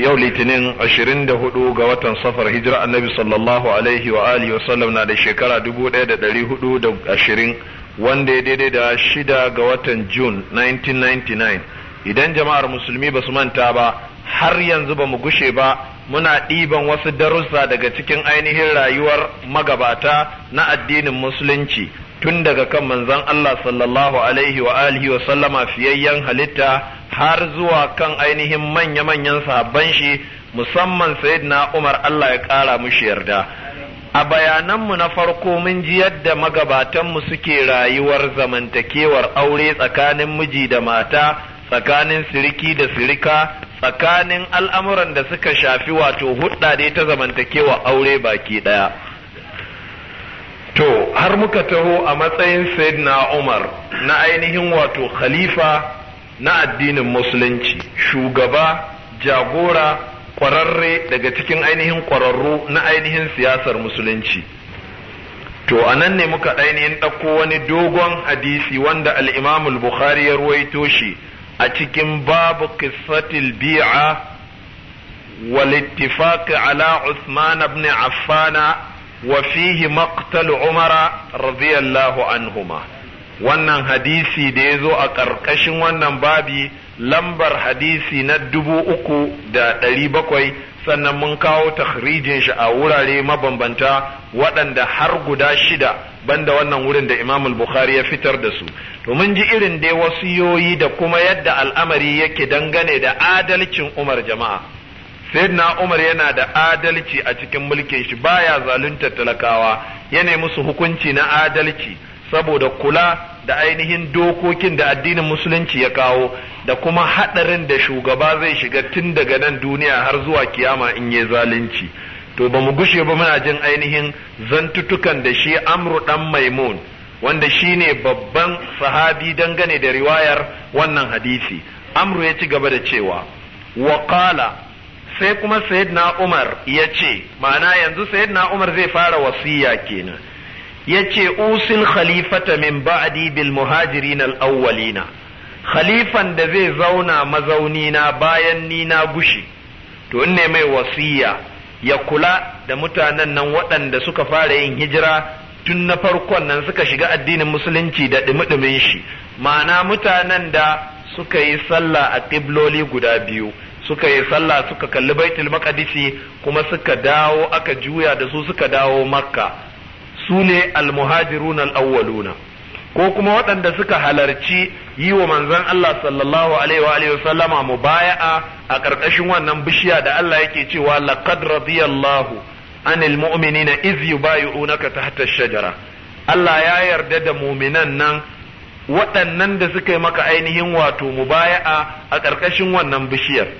yau litinin 24 ga watan safar hijira annabi sallallahu alaihi wa alihi wasallam na da shekara 1420 wanda ya daidai da shida ga watan jun 1999 idan jama'ar musulmi ba su manta ba har yanzu ba mu gushe ba muna ɗiban wasu darussa daga cikin ainihin rayuwar magabata na addinin musulunci tun daga kan manzon Allah sallallahu alaihi wa alihi wa sallama fiyayyen halitta har zuwa kan ainihin manya-manyan sahabban shi musamman sayyidina Umar Allah ya kara mushi yarda a bayananmu na farko mun ji yadda magabatanmu suke rayuwar zamantakewar aure tsakanin miji da mata tsakanin siriki da sirika tsakanin al'amuran da suka shafi wato hudda ta zamantakewa aure baki ɗaya. to har muka taho a matsayin sayyidina umar na ainihin wato khalifa na addinin musulunci shugaba jagora kwararre daga cikin ainihin kwararru na ainihin siyasar musulunci to a nan ne muka ainihin ɗauko wani dogon hadisi wanda al'imamul bukhari ya ruwaito shi a cikin babu qissatil bi'a wal ala usman ibn affana wa fihi maqtal umara radiyallahu anhuma wannan hadisi da ya zo a ƙarƙashin wannan babi lambar hadisi na dubu uku da ɗari bakwai sannan mun kawo takhrijin shi a wurare mabambanta waɗanda har guda shida banda wannan wurin da imam bukhari ya fitar da su to mun ji irin dai wasu wasiyoyi da kuma yadda al'amari yake dangane da adalcin umar jama'a sayyidina umar yana da adalci a cikin mulkin shi baya zaluntar talakawa ya yana musu hukunci na adalci saboda kula da ainihin dokokin da addinin musulunci ya kawo da kuma hadarin da shugaba zai shiga tun daga nan duniya har zuwa kiyama in yi zalunci to ba mu gushe ba muna jin ainihin zantutukan da shi amru dan maimun wanda shine babban sahabi dangane da riwayar wannan hadisi amru ya ci gaba da cewa wa sai kuma sayyidina Umar ya ce ma'ana yanzu sayyidina Umar zai fara wasiya kenan ya ce usil khalifata min ba'di bil muhajirin al awwalina khalifan da zai zauna mazauni na bayan ni na gushi to ne mai wasiya ya kula da mutanen nan waɗanda suka fara yin hijira tun na farkon nan suka shiga addinin musulunci da ɗumi shi ma'ana mutanen da suka yi sallah a ƙibloli guda biyu suka yi sallah suka kalli baitul maqdisi kuma suka dawo aka juya da su suka dawo makka su ne almuhajirun alawwaluna ko kuma waɗanda suka halarci yi wa manzon Allah sallallahu alaihi wa alihi sallama mubaya'a a ƙarƙashin wannan bishiya da Allah yake cewa laqad radiyallahu anil mu'minina iz yubayyi'unaka tahta ash-shajara Allah ya yarda da muminan nan waɗannan da suka yi maka ainihin wato mubaya'a a ƙarƙashin wannan bishiyar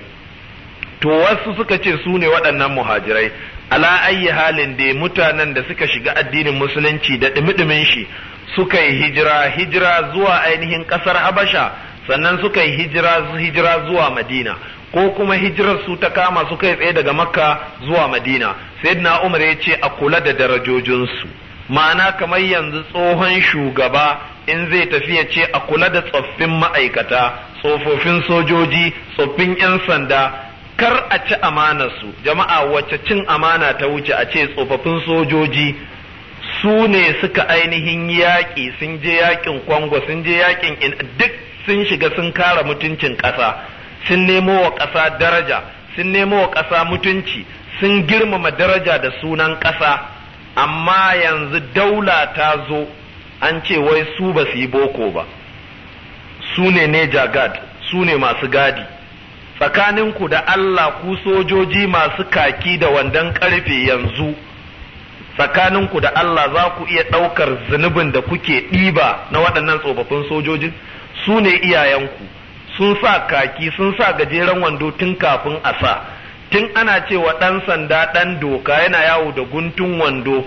to wasu suka ce su ne waɗannan muhajirai ala ayyi halin da mutanen da suka shiga addinin musulunci da ɗumi shi suka yi hijira hijira zuwa ainihin ƙasar habasha sannan suka yi hijira hijira zuwa madina ko kuma hijirar su ta kama su kai tsaye daga makka zuwa madina na umar ya ce a kula da darajojinsu ma'ana kamar yanzu tsohon shugaba in zai tafi ya ce a kula da tsoffin ma'aikata tsofaffin sojoji tsoffin 'yan sanda kar a ci su jama'a wacce cin amana ta wuce a ce tsofaffin sojoji su ne suka ainihin yaƙi sun je yaƙin kwango sun je yaƙin in duk sun shiga sun kara mutuncin ƙasa sun nemo wa ƙasa daraja sun nemo wa ƙasa mutunci sun girmama daraja da sunan ƙasa amma yanzu daula ta zo an ce wai su ba su yi boko ba su ne ne jagad su ne masu gadi tsakaninku da Allah ku sojoji masu kaki da wandan karfe yanzu tsakaninku da Allah za ku iya ɗaukar zunubin da kuke ɗiba na waɗannan tsofaffin sojoji su ne iyayenku sun sa kaki sun sa gajeren wando tun kafin a sa tun ana cewa ɗan sanda ɗan doka yana yawo da guntun wando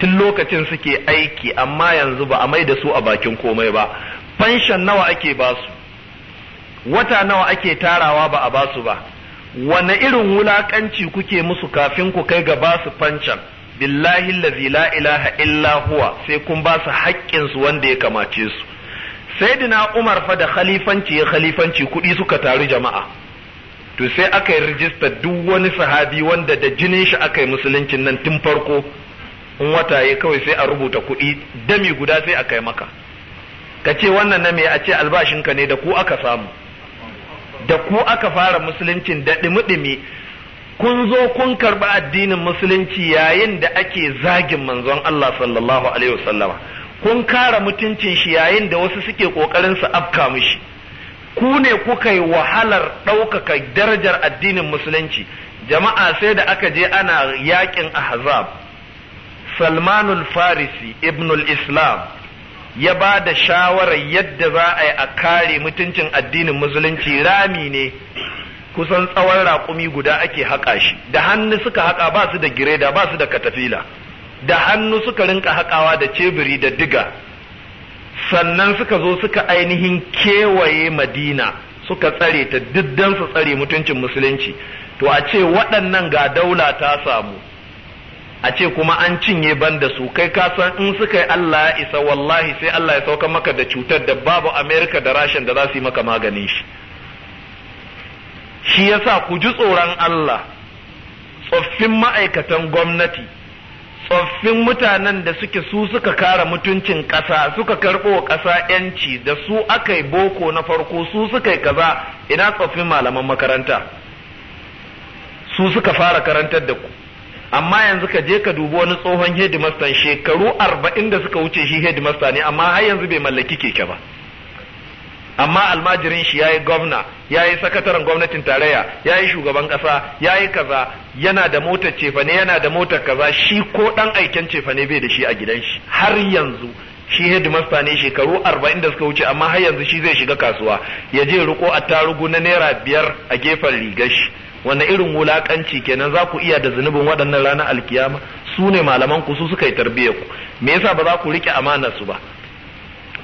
tun lokacin suke aiki amma yanzu ba a mai da su a bakin komai ba fanshan nawa ake ba su wata nawa ake tarawa ba a basu ba wane irin wulakanci kuke musu kafin ku kai ga basu fancan billahi allazi la ilaha illa huwa sai kun basu haƙƙin su wanda ya kamace su sayyidina Umar fa da khalifanci ya khalifanci kuɗi suka taru jama'a to sai aka yi rijista duk wani sahabi wanda da jinin shi aka yi musuluncin nan tun farko in wata ya kawai sai a rubuta kuɗi dami guda sai a kai maka ka ce wannan na me a ce albashinka ne da ku aka samu da ku aka fara musuluncin da ɗimi-ɗimi kun zo kun karɓi addinin musulunci yayin da ake zagin manzon Allah sallallahu alaihi wasallama kun kara mutuncin shi yayin da wasu suke ƙoƙarin su afka mishi ku ne kuka yi wahalar ɗaukaka darajar addinin musulunci jama'a sai da aka je ana yakin ahzab salmanul farisi ibnul islam ya ba da shawarar yadda za a yi a kare mutuncin addinin musulunci rami ne kusan tsawon raƙumi guda ake haƙa shi da hannu suka haƙa ba su da gireda ba su da katafila da hannu suka rinka haƙawa da cebiri da diga sannan suka zo suka ainihin kewaye madina suka tsare ta diddan su tsare mutuncin musulunci to a ce waɗannan ga daula ta samu a ce kuma an cinye ban da su kai ka san in suka yi Allah ya isa wallahi sai Allah ya sauka maka da cutar da babu Amerika da Rashin da za su yi maka magani. shi shi yasa ku ji tsoron Allah tsoffin ma'aikatan gwamnati tsoffin mutanen da suke su suka kara mutuncin ƙasa suka karɓo ƙasa yanci da su aka yi boko na farko su suka yi kaza ina tsoffin malaman makaranta su suka fara karantar da ku amma yanzu ka je ka dubi wani tsohon hedimastan shekaru arba'in da suka wuce shi hedimasta ne amma har yanzu bai mallaki keke ba amma almajirin shi yayi gwamna yayi sakataren gwamnatin tarayya yayi shugaban kasa yayi kaza yana da motar cefane yana da motar kaza shi ko dan aiken cefane bai da shi a gidan shi har yanzu shi hedimasta ne shekaru arba'in da suka wuce amma har yanzu shi zai shiga kasuwa ya je riko attarugu na naira biyar a gefen rigar shi wanda irin wulakanci kenan za ku iya da zunubin waɗannan ranar alkiyama su ne malaman ku su suka yi tarbiyyar ku me yasa ba za ku rike amanar su ba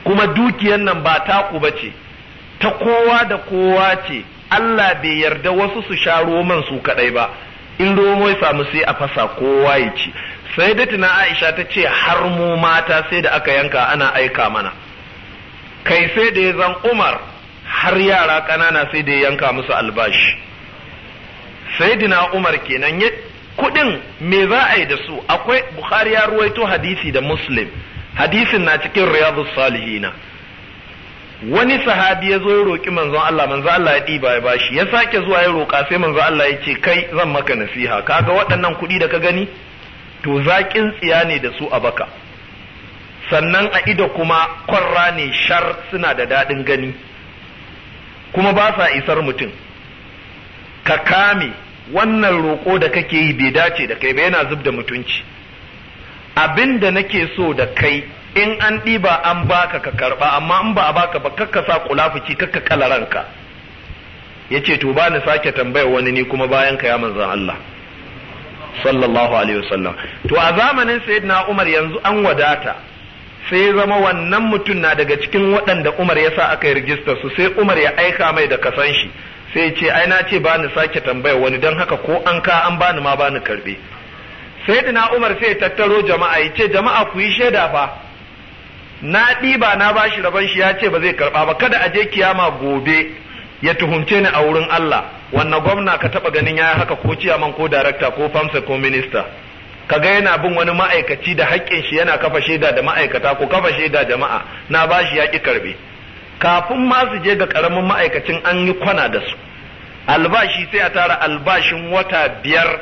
kuma dukiyar nan ba ku ba ce ta kowa da kowa ce Allah bai yarda wasu su sha roman su kadai ba in romo ya samu sai a fasa kowa ya ci sai da tuna Aisha ta ce har mu mata sai da aka yanka ana aika mana kai sai da ya zan Umar har yara ƙanana sai da ya yanka musu albashi Saidina umar kenan ya kudin me za a yi da su akwai bukhari ya ruwaito hadisi da muslim hadisin na cikin riyadus salihina wani sahabi ya zo ya roƙi manzon Allah manzon Allah ya ɗiba ya bashi ya sake zuwa ya roƙa sai manzon Allah ya ce kai zan maka nasiha kaga waɗannan kuɗi da ka gani to zaƙin tsiya ne da su a baka sannan a ido kuma kwarra ne shar suna da daɗin gani kuma ba sa isar mutum ka kame wannan roƙo da kake yi bai dace da kai ba yana zub da mutunci abin da nake so da kai in an ɗiba an baka ka karɓa amma in ba a baka ba kakka sa kulafuci kakka kala ranka ya ce to ba ni sake tambayar wani ni kuma bayan ka ya manzan Allah sallallahu alaihi wasallam to a zamanin sayyidina Umar yanzu an wadata sai zama wannan mutum na daga cikin waɗanda Umar ya sa aka yi rijista su sai Umar ya aika mai da kasan shi sai ce ai na ce bani sake tambaya wani don haka ko an ka an bani ma bani karbe sai dina umar sai ya tattaro jama'a ya ce jama'a ku yi shaida fa na ɗiba na bashi rabon shi ya ce ba zai karɓa ba kada a je kiyama gobe ya tuhumce ni a wurin Allah wannan gwamna ka taba ganin ya haka ko ciyaman ko darakta ko famsa ko minista Ka ga yana bin wani ma'aikaci da haƙƙin shi yana kafa shaida da ma'aikata ko kafa shaida jama'a na bashi ya ƙi karbe kafin ma su je ga karamin ma'aikacin an yi kwana da su albashi sai a tara albashin wata biyar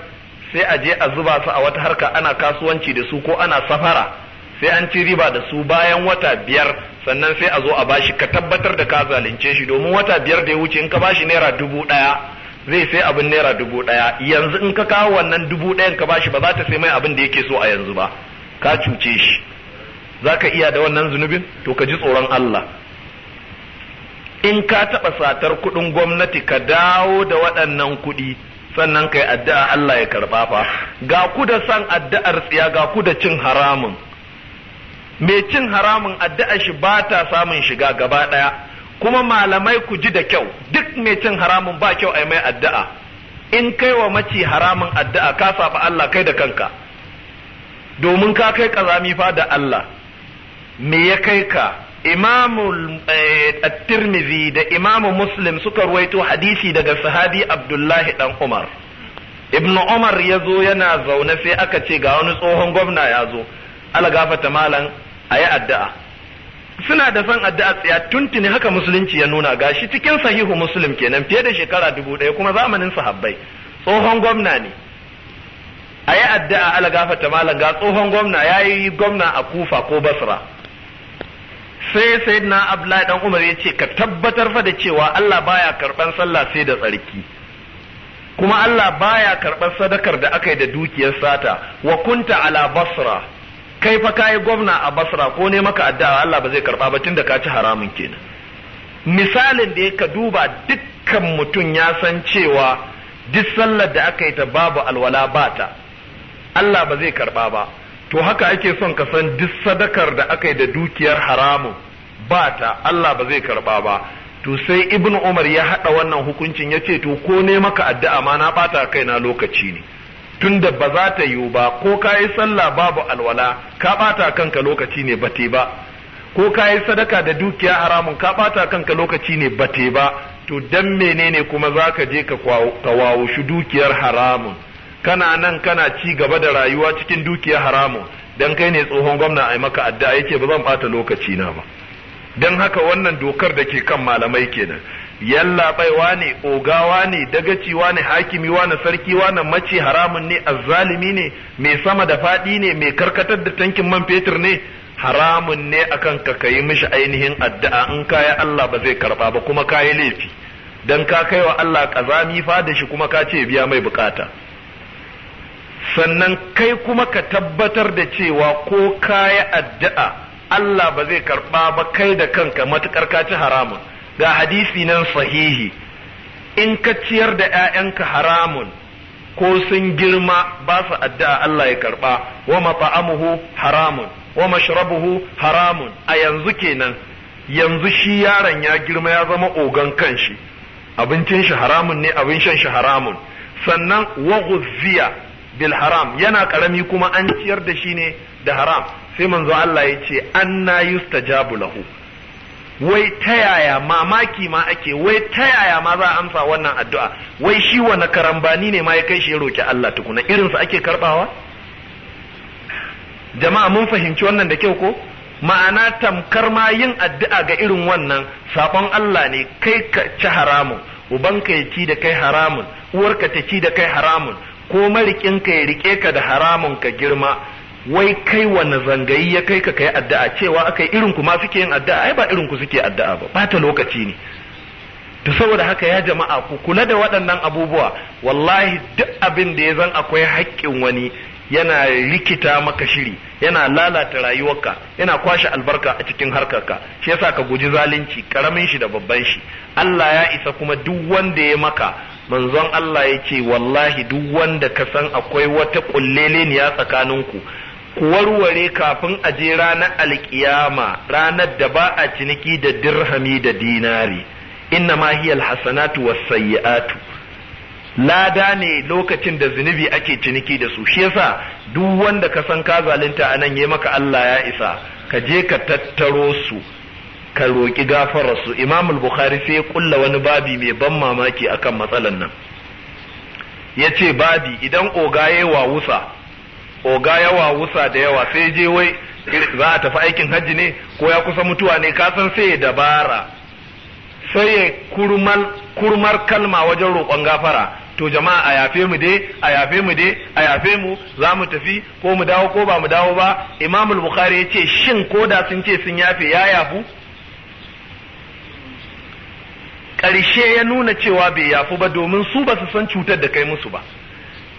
sai a je a zuba su a wata harka ana kasuwanci da su ko ana safara sai an ci riba da su bayan wata biyar sannan sai a zo a bashi ka tabbatar da ka zalunce shi domin wata biyar da ya wuce in ka bashi naira dubu ɗaya zai sai abin naira dubu ɗaya yanzu in ka kawo wannan dubu ɗayan ka bashi ba za ta sai mai abin da yake so a yanzu ba ka cuce shi za ka iya da wannan zunubin to ka ji tsoron Allah in ka taɓa satar kuɗin gwamnati ka dawo da waɗannan kuɗi sannan kai addu'a Allah ya karɓa fa ga ku da san addu'ar tsiya ga ku da cin haramun mai cin haramun addu'a shi ba ta samun shiga gaba ɗaya kuma malamai ku ji da kyau duk mai cin haramun ba kyau ai mai addu'a in kai wa maci haramun addu'a ka safa Allah kai da kanka domin ka kai ƙazami fa da Allah me ya kai ka imamu eh, at-tirmidhi da imamu muslim suka ruwaito hadisi daga sahabi abdullahi dan umar ibnu umar ya zo yana zaune sai aka ce ga wani tsohon gwamna ya zo ala gafata malam a yi addu'a suna da son addu'a tsaya tuntuni haka musulunci ya nuna gashi cikin sahihu muslim kenan fiye da shekara dubu ɗaya kuma zamanin sahabbai tsohon gwamna ne a yi addu'a ala gafata malam ga tsohon gwamna ya yi gwamna a kufa ko basra sai sayyidina abdullahi dan umar ya ce ka tabbatar fa da cewa Allah baya karban sallah sai da tsarki kuma Allah baya karban sadakar da aka yi da dukiyar sata wa kunta ala basra kai fa kai gwamna a basra ko ne maka addu'a Allah ba zai karba ba tunda ka ci haramun kenan misalin da ya duba dukkan mutum ya san cewa duk sallar da aka yi ta babu alwala bata Allah ba zai karba ba to haka ake son ka san duk sadakar da aka yi da dukiyar haramun ba ta Allah ba zai karba ba to sai ibnu umar ya hada wannan hukuncin ya ce to ko ne maka addu'a ma na bata kaina lokaci ne tunda ba za ta yiwu ba ko ka yi sallah babu alwala ka bata kanka lokaci ne ba ba ko ka yi sadaka da dukiya haramun ka bata kanka lokaci ne ba ba to dan menene kuma za ka je ka kwawo shi dukiyar haramun kana nan kana ci gaba da rayuwa cikin dukiya haramu dan kai ne tsohon gwamna ai maka adda yake ba zan bata lokaci na ba dan haka wannan dokar da ke kan malamai kenan yalla baiwa ne ogawa ne dagaciwa ne hakimiwa ne wa ne mace haramun ne azzalimi ne mai sama da fadi ne mai karkatar da tankin man fetur ne haramun ne akan ka kai mishi ainihin addu'a in kaya Allah ba zai karba ba kuma kayi laifi dan ka kaiwa Allah kazami fa da shi kuma ka ce biya mai bukata sannan kai kuma ka tabbatar da cewa ko ka yi addu'a Allah ba zai karɓa ba kai da kanka matuƙar ka ci haramun ga hadisi nan sahihi in ka ciyar da 'ya'yanka haramun ko sun girma ba su addu'a Allah ya karɓa wa mata'amuhu haramun wa mashrabuhu haramun a yanzu kenan yanzu shi yaron ya girma ya zama ogan kanshi abincin shi haramun ne abin shan shi haramun sannan wa bil haram yana karami kuma an ciyar da shi ne da haram sai manzo Allah ya ce anna yustajabu lahu wai ta yaya mamaki ma ake wai ta yaya ma za a amsa wannan addu'a wai shi wani karambani ne ma ya kai shi ya roki Allah tukuna Irinsu ake karbawa jama'a mun fahimci wannan da kyau ko ma'ana tamkar ma yin addu'a ga irin wannan sabon Allah ne kai ka ci haramun ubanka ya ci da kai haramun uwarka ta ci da kai haramun ko marikin ka ya rike ka da haramun ka girma wai kai wani zangayi ya kai ka kai addu'a cewa akai irin ku ma suke yin addu'a ai ba irin ku suke addu'a ba bata lokaci ne to saboda haka ya jama'a ku kula da waɗannan abubuwa wallahi duk abin da ya zan akwai haƙƙin wani yana rikita maka shiri yana lalata rayuwarka yana kwashe albarka a cikin harkarka shi yasa ka guji zalunci karamin shi da babban shi Allah ya isa kuma duk wanda ya maka manzon Allah ya ce wallahi duk wanda ka san akwai wata ƙulleleniya tsakaninku ku warware kafin a je ranar alkiyama ranar da ba a ciniki da dirhami da dinari inna ma hiyal hasanatu was lada ne lokacin da zunubi ake ciniki da su shi yasa duk wanda ka san ka zalunta anan ya maka Allah ya isa ka je ka tattaro su ka roƙi su imam bukhari sai ya kulla wani babi mai ban mamaki akan matsalan nan ya ce babi idan oga ya wawusa oga ya wawusa da yawa sai je wai za a tafi aikin hajji ne ko ya kusa mutuwa ne ka san sai ya dabara sai ya kurmar kalma wajen roƙon gafara to jama'a a yafe mu dai a yafe mu dai a yafe mu za mu tafi ko mu dawo ko ba mu dawo ba imamul bukhari ya ce shin koda sun ce sun yafe ya yafu ƙarshe ya nuna cewa bai yafu ba domin su ba su san cutar da kai musu ba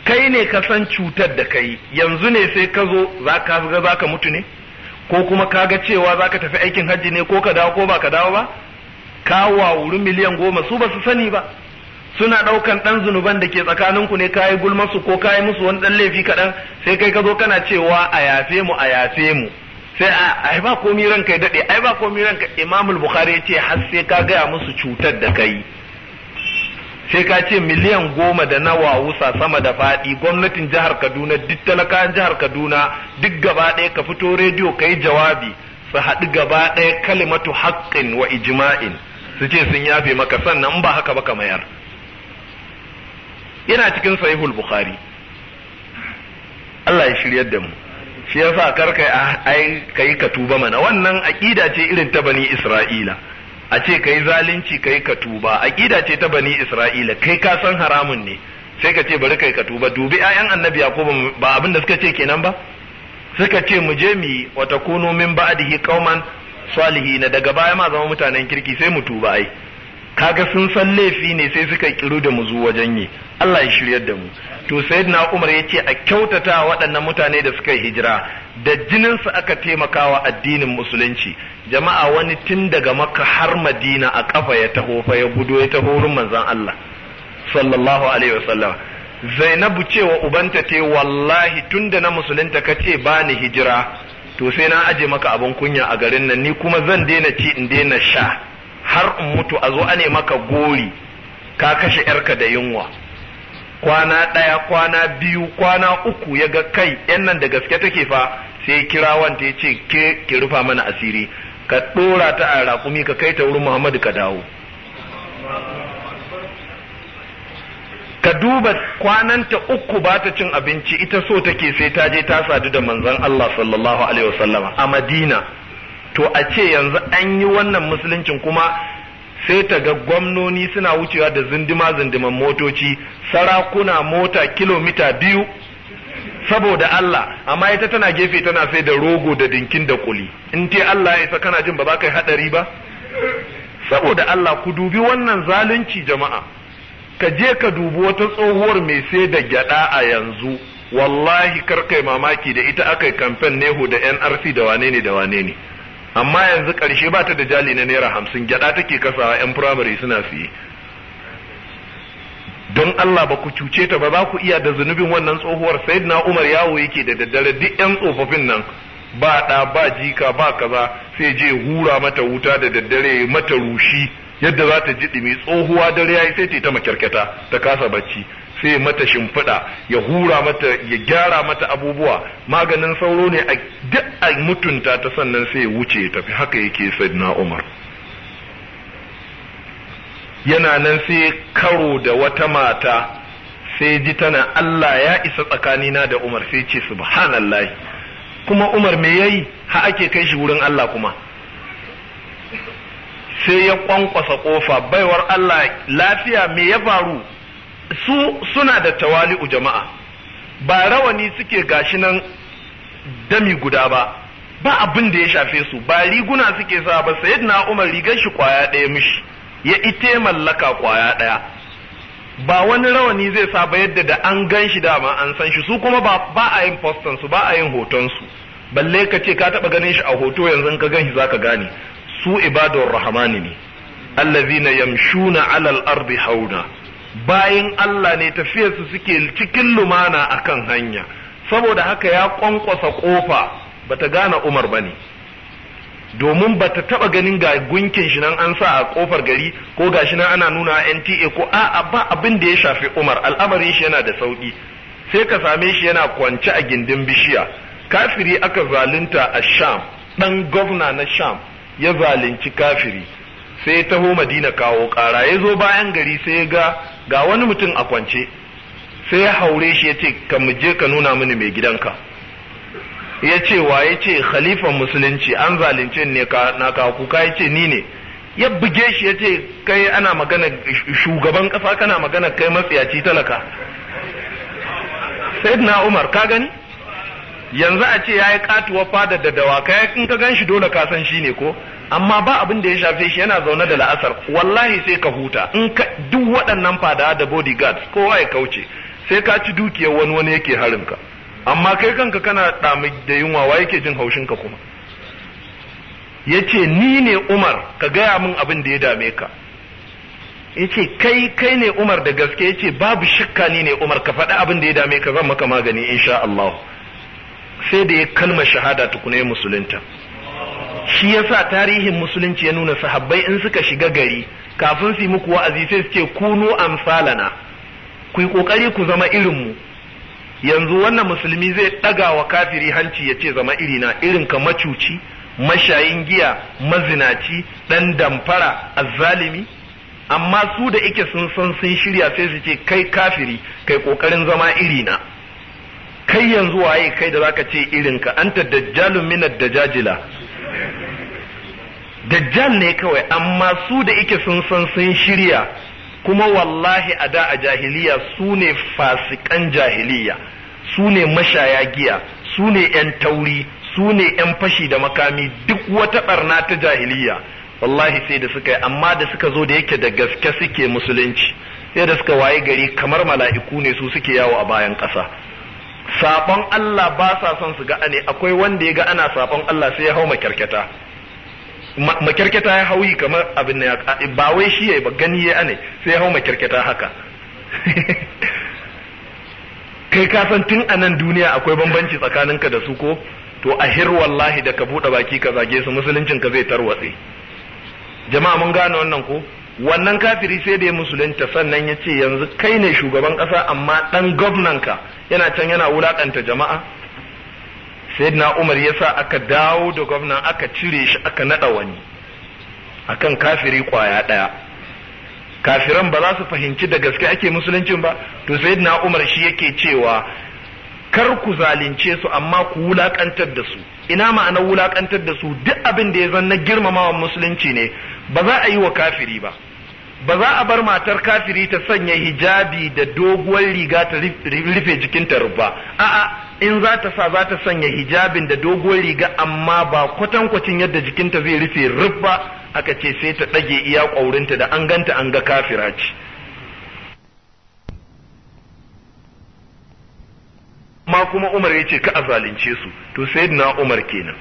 kai ne ka san cutar da kai yanzu ne sai ka zo za ka ga za ka mutu ne ko kuma ka ga cewa za ka tafi aikin hajji ne ko ka dawo ko ba ka dawo ba ka wuri miliyan goma su ba su sani ba suna ɗaukan ɗan zunuban da ke tsakaninku ne kayi gulmasu ko kayi musu wani ɗan laifi kaɗan sai kai ka zo kana cewa a yafe mu a yafe mu sai a ai ba komi ranka ya dade ai ba komi ranka imamul bukhari yace har sai ka gaya musu cutar da kai sai ka ce miliyan goma da nawa wusa sama da faɗi gwamnatin jihar kaduna duk talakan jihar kaduna duk gaba ɗaya ka fito rediyo ka yi jawabi su haɗu gaba ɗaya kalimatu haƙƙin wa ijma'in su ce sun yafe maka sannan ba haka ba ka mayar yana cikin sahihul bukhari Allah ya shiryar da mu shi yasa kar ka ai kai ka tuba mana wannan aqida ce irin ta bani Isra'ila a ce kai zalunci kai ka tuba aqida ce ta bani Isra'ila kai ka san haramun ne sai ka ce bari kai ka tuba dubi ayan annabi Yakubu ba abin da suka ce kenan ba suka ce mu je mu wata kuno min ba'dihi qauman salihina daga baya ma zama mutanen kirki sai mu tuba ai kaga sun san laifi ne sai suka kiru da mu zu wajen yi Allah ya shiryar da mu to sayyidina Umar yace a kyautata waɗannan mutane da suka hijira da jinin su aka taimakawa addinin musulunci jama'a wani tun daga Makka har Madina a kafa ya taho fa ya gudo ya taho wurin manzon Allah sallallahu alaihi wasallam Zainabu cewa ubanta ce wallahi tunda na musulunta kace ba ni hijira to sai na aje maka abin kunya a garin nan ni kuma zan daina ci in daina sha har in mutu a zo ne maka gori ka kashe yarka da yunwa kwana ɗaya kwana biyu kwana uku ya ga kai yan nan da gaske take fa sai kira wanda ya ce ke ki rufa mana asiri ka ɗora ta a raƙumi ka kai ta wurin muhammadu ka dawo ka duba kwananta uku ba ta cin abinci ita so take sai ta je ta sadu da manzon Allah sallallahu alaihi wasallama a Madina to a ce yanzu an yi wannan musuluncin kuma sai ta ga gwamnoni suna wucewa da zindima zindiman motoci sarakuna mota kilomita biyu saboda Allah amma ita tana gefe tana sai da rogo da dinkin da kuli in te Allah ya isa kana jin ba za ka yi hadari ba saboda Allah ku dubi wannan zalunci jama'a ka je ka dubi wata tsohuwar mai sai da gyada a yanzu wallahi kar kai mamaki da ita aka yi kamfen neho da NRC da wane ne da wane ne amma yanzu karshe ba ta da jali na naira hamsin gyaɗa take kasawa 'yan firamare suna siye don Allah ba ku cuce ta ba za ku iya da zunubin wannan tsohuwar na Umar yawo yake da daddare duk 'yan tsofaffin nan ba ɗa ba jika ba kaza sai je hura mata wuta da daddare mata rushi yadda za ta ji ɗumi tsohuwa dare yayi sai ta ta makyarkata ta kasa bacci sai mata shimfiɗa ya hura mata ya gyara mata abubuwa maganin sauro ne a duk a mutunta ta sannan sai ya wuce ya tafi haka yake sayyidina Umar yana nan sai karo da wata mata sai ji tana Allah ya isa tsakanina da Umar sai ce subhanallahi kuma Umar me yayi ha ake kai shi wurin Allah kuma sai ya kwankwasa kofa baiwar Allah lafiya me ya faru su suna da tawali'u jama'a ba rawani suke gashi nan dami guda ba ba abin da ya shafe su ba riguna suke sa ba sayyidina Umar rigar shi kwaya ɗaya mishi ya ite mallaka kwaya ɗaya ba wani rawani zai sa ba yadda da an gan shi dama an san shi su kuma ba a yin postan su ba a yin hoton su balle ka ce ka taba ganin shi a hoto yanzu ka gan shi zaka gane su ibadur rahmani ne allazina yamshuna alal ardi hauna bayin Allah ne tafiyarsu suke cikin lumana a kan hanya saboda haka ya kwankwasa kofa bata gane Umar ba ne. domin bata taɓa ganin ga gunkin shi nan an sa a kofar gari ko ga shi nan ana nuna NTA ko a'a ba abin da ya shafi Umar al'amarin shi yana da sauki sai ka same shi yana kwance a gindin bishiya kafiri aka zalunta a Sham ɗan gwamna na Sham ya zalunci kafiri sai ya taho madina kawo kara ya zo bayan gari sai ya ga ga wani mutum a kwance sai ya haure shi ya ce ka mu je ka nuna mini mai gidanka ya ce wa ya ce khalifan musulunci an zalunce ne na kawo kuka ya ce ni ne ya buge shi ya ce kai ana magana shugaban kafa kana magana kai matsiyaci talaka na umar ka gani yanzu a ce ya yi katuwar fada da dawaka in ka gan shi dole kasan san shi ne ko amma ba abin da ya shafe shi yana zaune da la'asar wallahi sai ka huta in ka duk waɗannan fada da bodyguard kowa ya kauce sai ka ci dukiyar wani wani yake ka. amma kai kanka kana ɗami da yunwa wa yake jin haushin ka kuma yace ni ne Umar ka gaya min abin da ya dame ka yace kai kai ne Umar da gaske yace babu shakka ni ne Umar ka faɗi abin da ya dame ka zan maka magani insha Allah sai da ya kalma shahada tukune musulunta shi yasa tarihin musulunci ya nuna sahabbai in suka shiga gari kafin su yi muku wa'azi sai suke kunu amsalana ku yi kokari ku zama irin mu yanzu wannan musulmi zai ɗaga wa kafiri hanci ya ce zama na irin ka macuci mashayin giya mazinaci ɗan damfara azzalimi amma su da ike sun san sun shirya sai su ce kai kafiri kai kokarin zama iri na. kai yanzu waye kai da zaka ce irinka anta dajjalun minad dajajila dajjal ne kawai amma su da ike sun san sun shirya kuma wallahi a da a jahiliya su ne fasikan jahiliya su ne mashaya giya su ne 'yan tauri su ne 'yan fashi da makami duk wata ɓarna ta jahiliya wallahi sai da suka yi amma da suka zo da yake da gaske suke musulunci sai da suka waye gari kamar mala'iku ne su suke yawo a bayan ƙasa sabon Allah ba sa son su ga ne akwai wanda ya ga ana sabon Allah sai ya hau makyarketa makyarketa ya hauyi kamar abin da ba wai shi ya ba gani ya ne sai ya hau makyarketa haka kai ka san tun a nan duniya akwai bambanci tsakaninka da su ko to a hir wallahi da ka buɗe baki ka zage su musuluncin ka zai tarwatse jama'a mun gane wannan ko wannan kafiri sai da ya musulunta sannan ya ce yanzu kai ne shugaban ƙasa amma ɗan gwamnanka yana can yana wulaƙanta jama'a sayyidina umar ya sa aka dawo da gwamna aka cire shi aka naɗa wani akan kafiri kwaya ɗaya kafiran ba za su fahimci da gaske ake musuluncin ba to sayyidina umar shi yake cewa kar ku zalunce su amma ku wulakantar da su ina ma'ana wulakantar da su duk abin da ya zan na girmamawa musulunci ne ba za a yi wa kafiri ba ba za a bar matar kafiri ta sanya hijabi da doguwar riga ta rufe jikinta ba a'a in za ta sa za ta sanya hijabin da doguwar riga amma ba kwatankwacin yadda jikinta zai rufe rufa aka ce sai ta ɗage iya ƙwaurinta da an ganta an ga kafira ce amma kuma Umar yace ka azalince su to sayyidina Umar kenan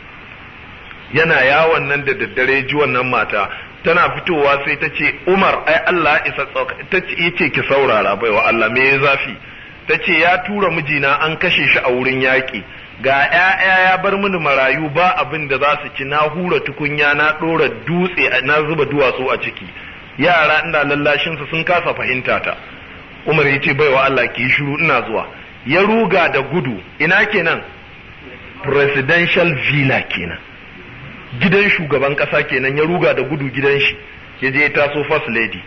yana yawon nan da daddare ji wannan mata tana fitowa sai ta ce Umar ai Allah isa ta ce ki saurara baiwa Allah me ya zafi ta ce ya tura mijina an kashe shi a wurin yaki. ga ‘ya'ya ya bar mini marayu ba abin da za su ci na hura tukunya na ɗora dutse na zuba duwatsu a ciki yara ina lallashinsu sun kasa fahimta ta umar ya ce baiwa Allah ki shiru ina zuwa ya ruga da gudu ina kenan presidential villa kenan gidan shugaban kasa kenan ya ruga da gudu gidan shi ya je ya taso first lady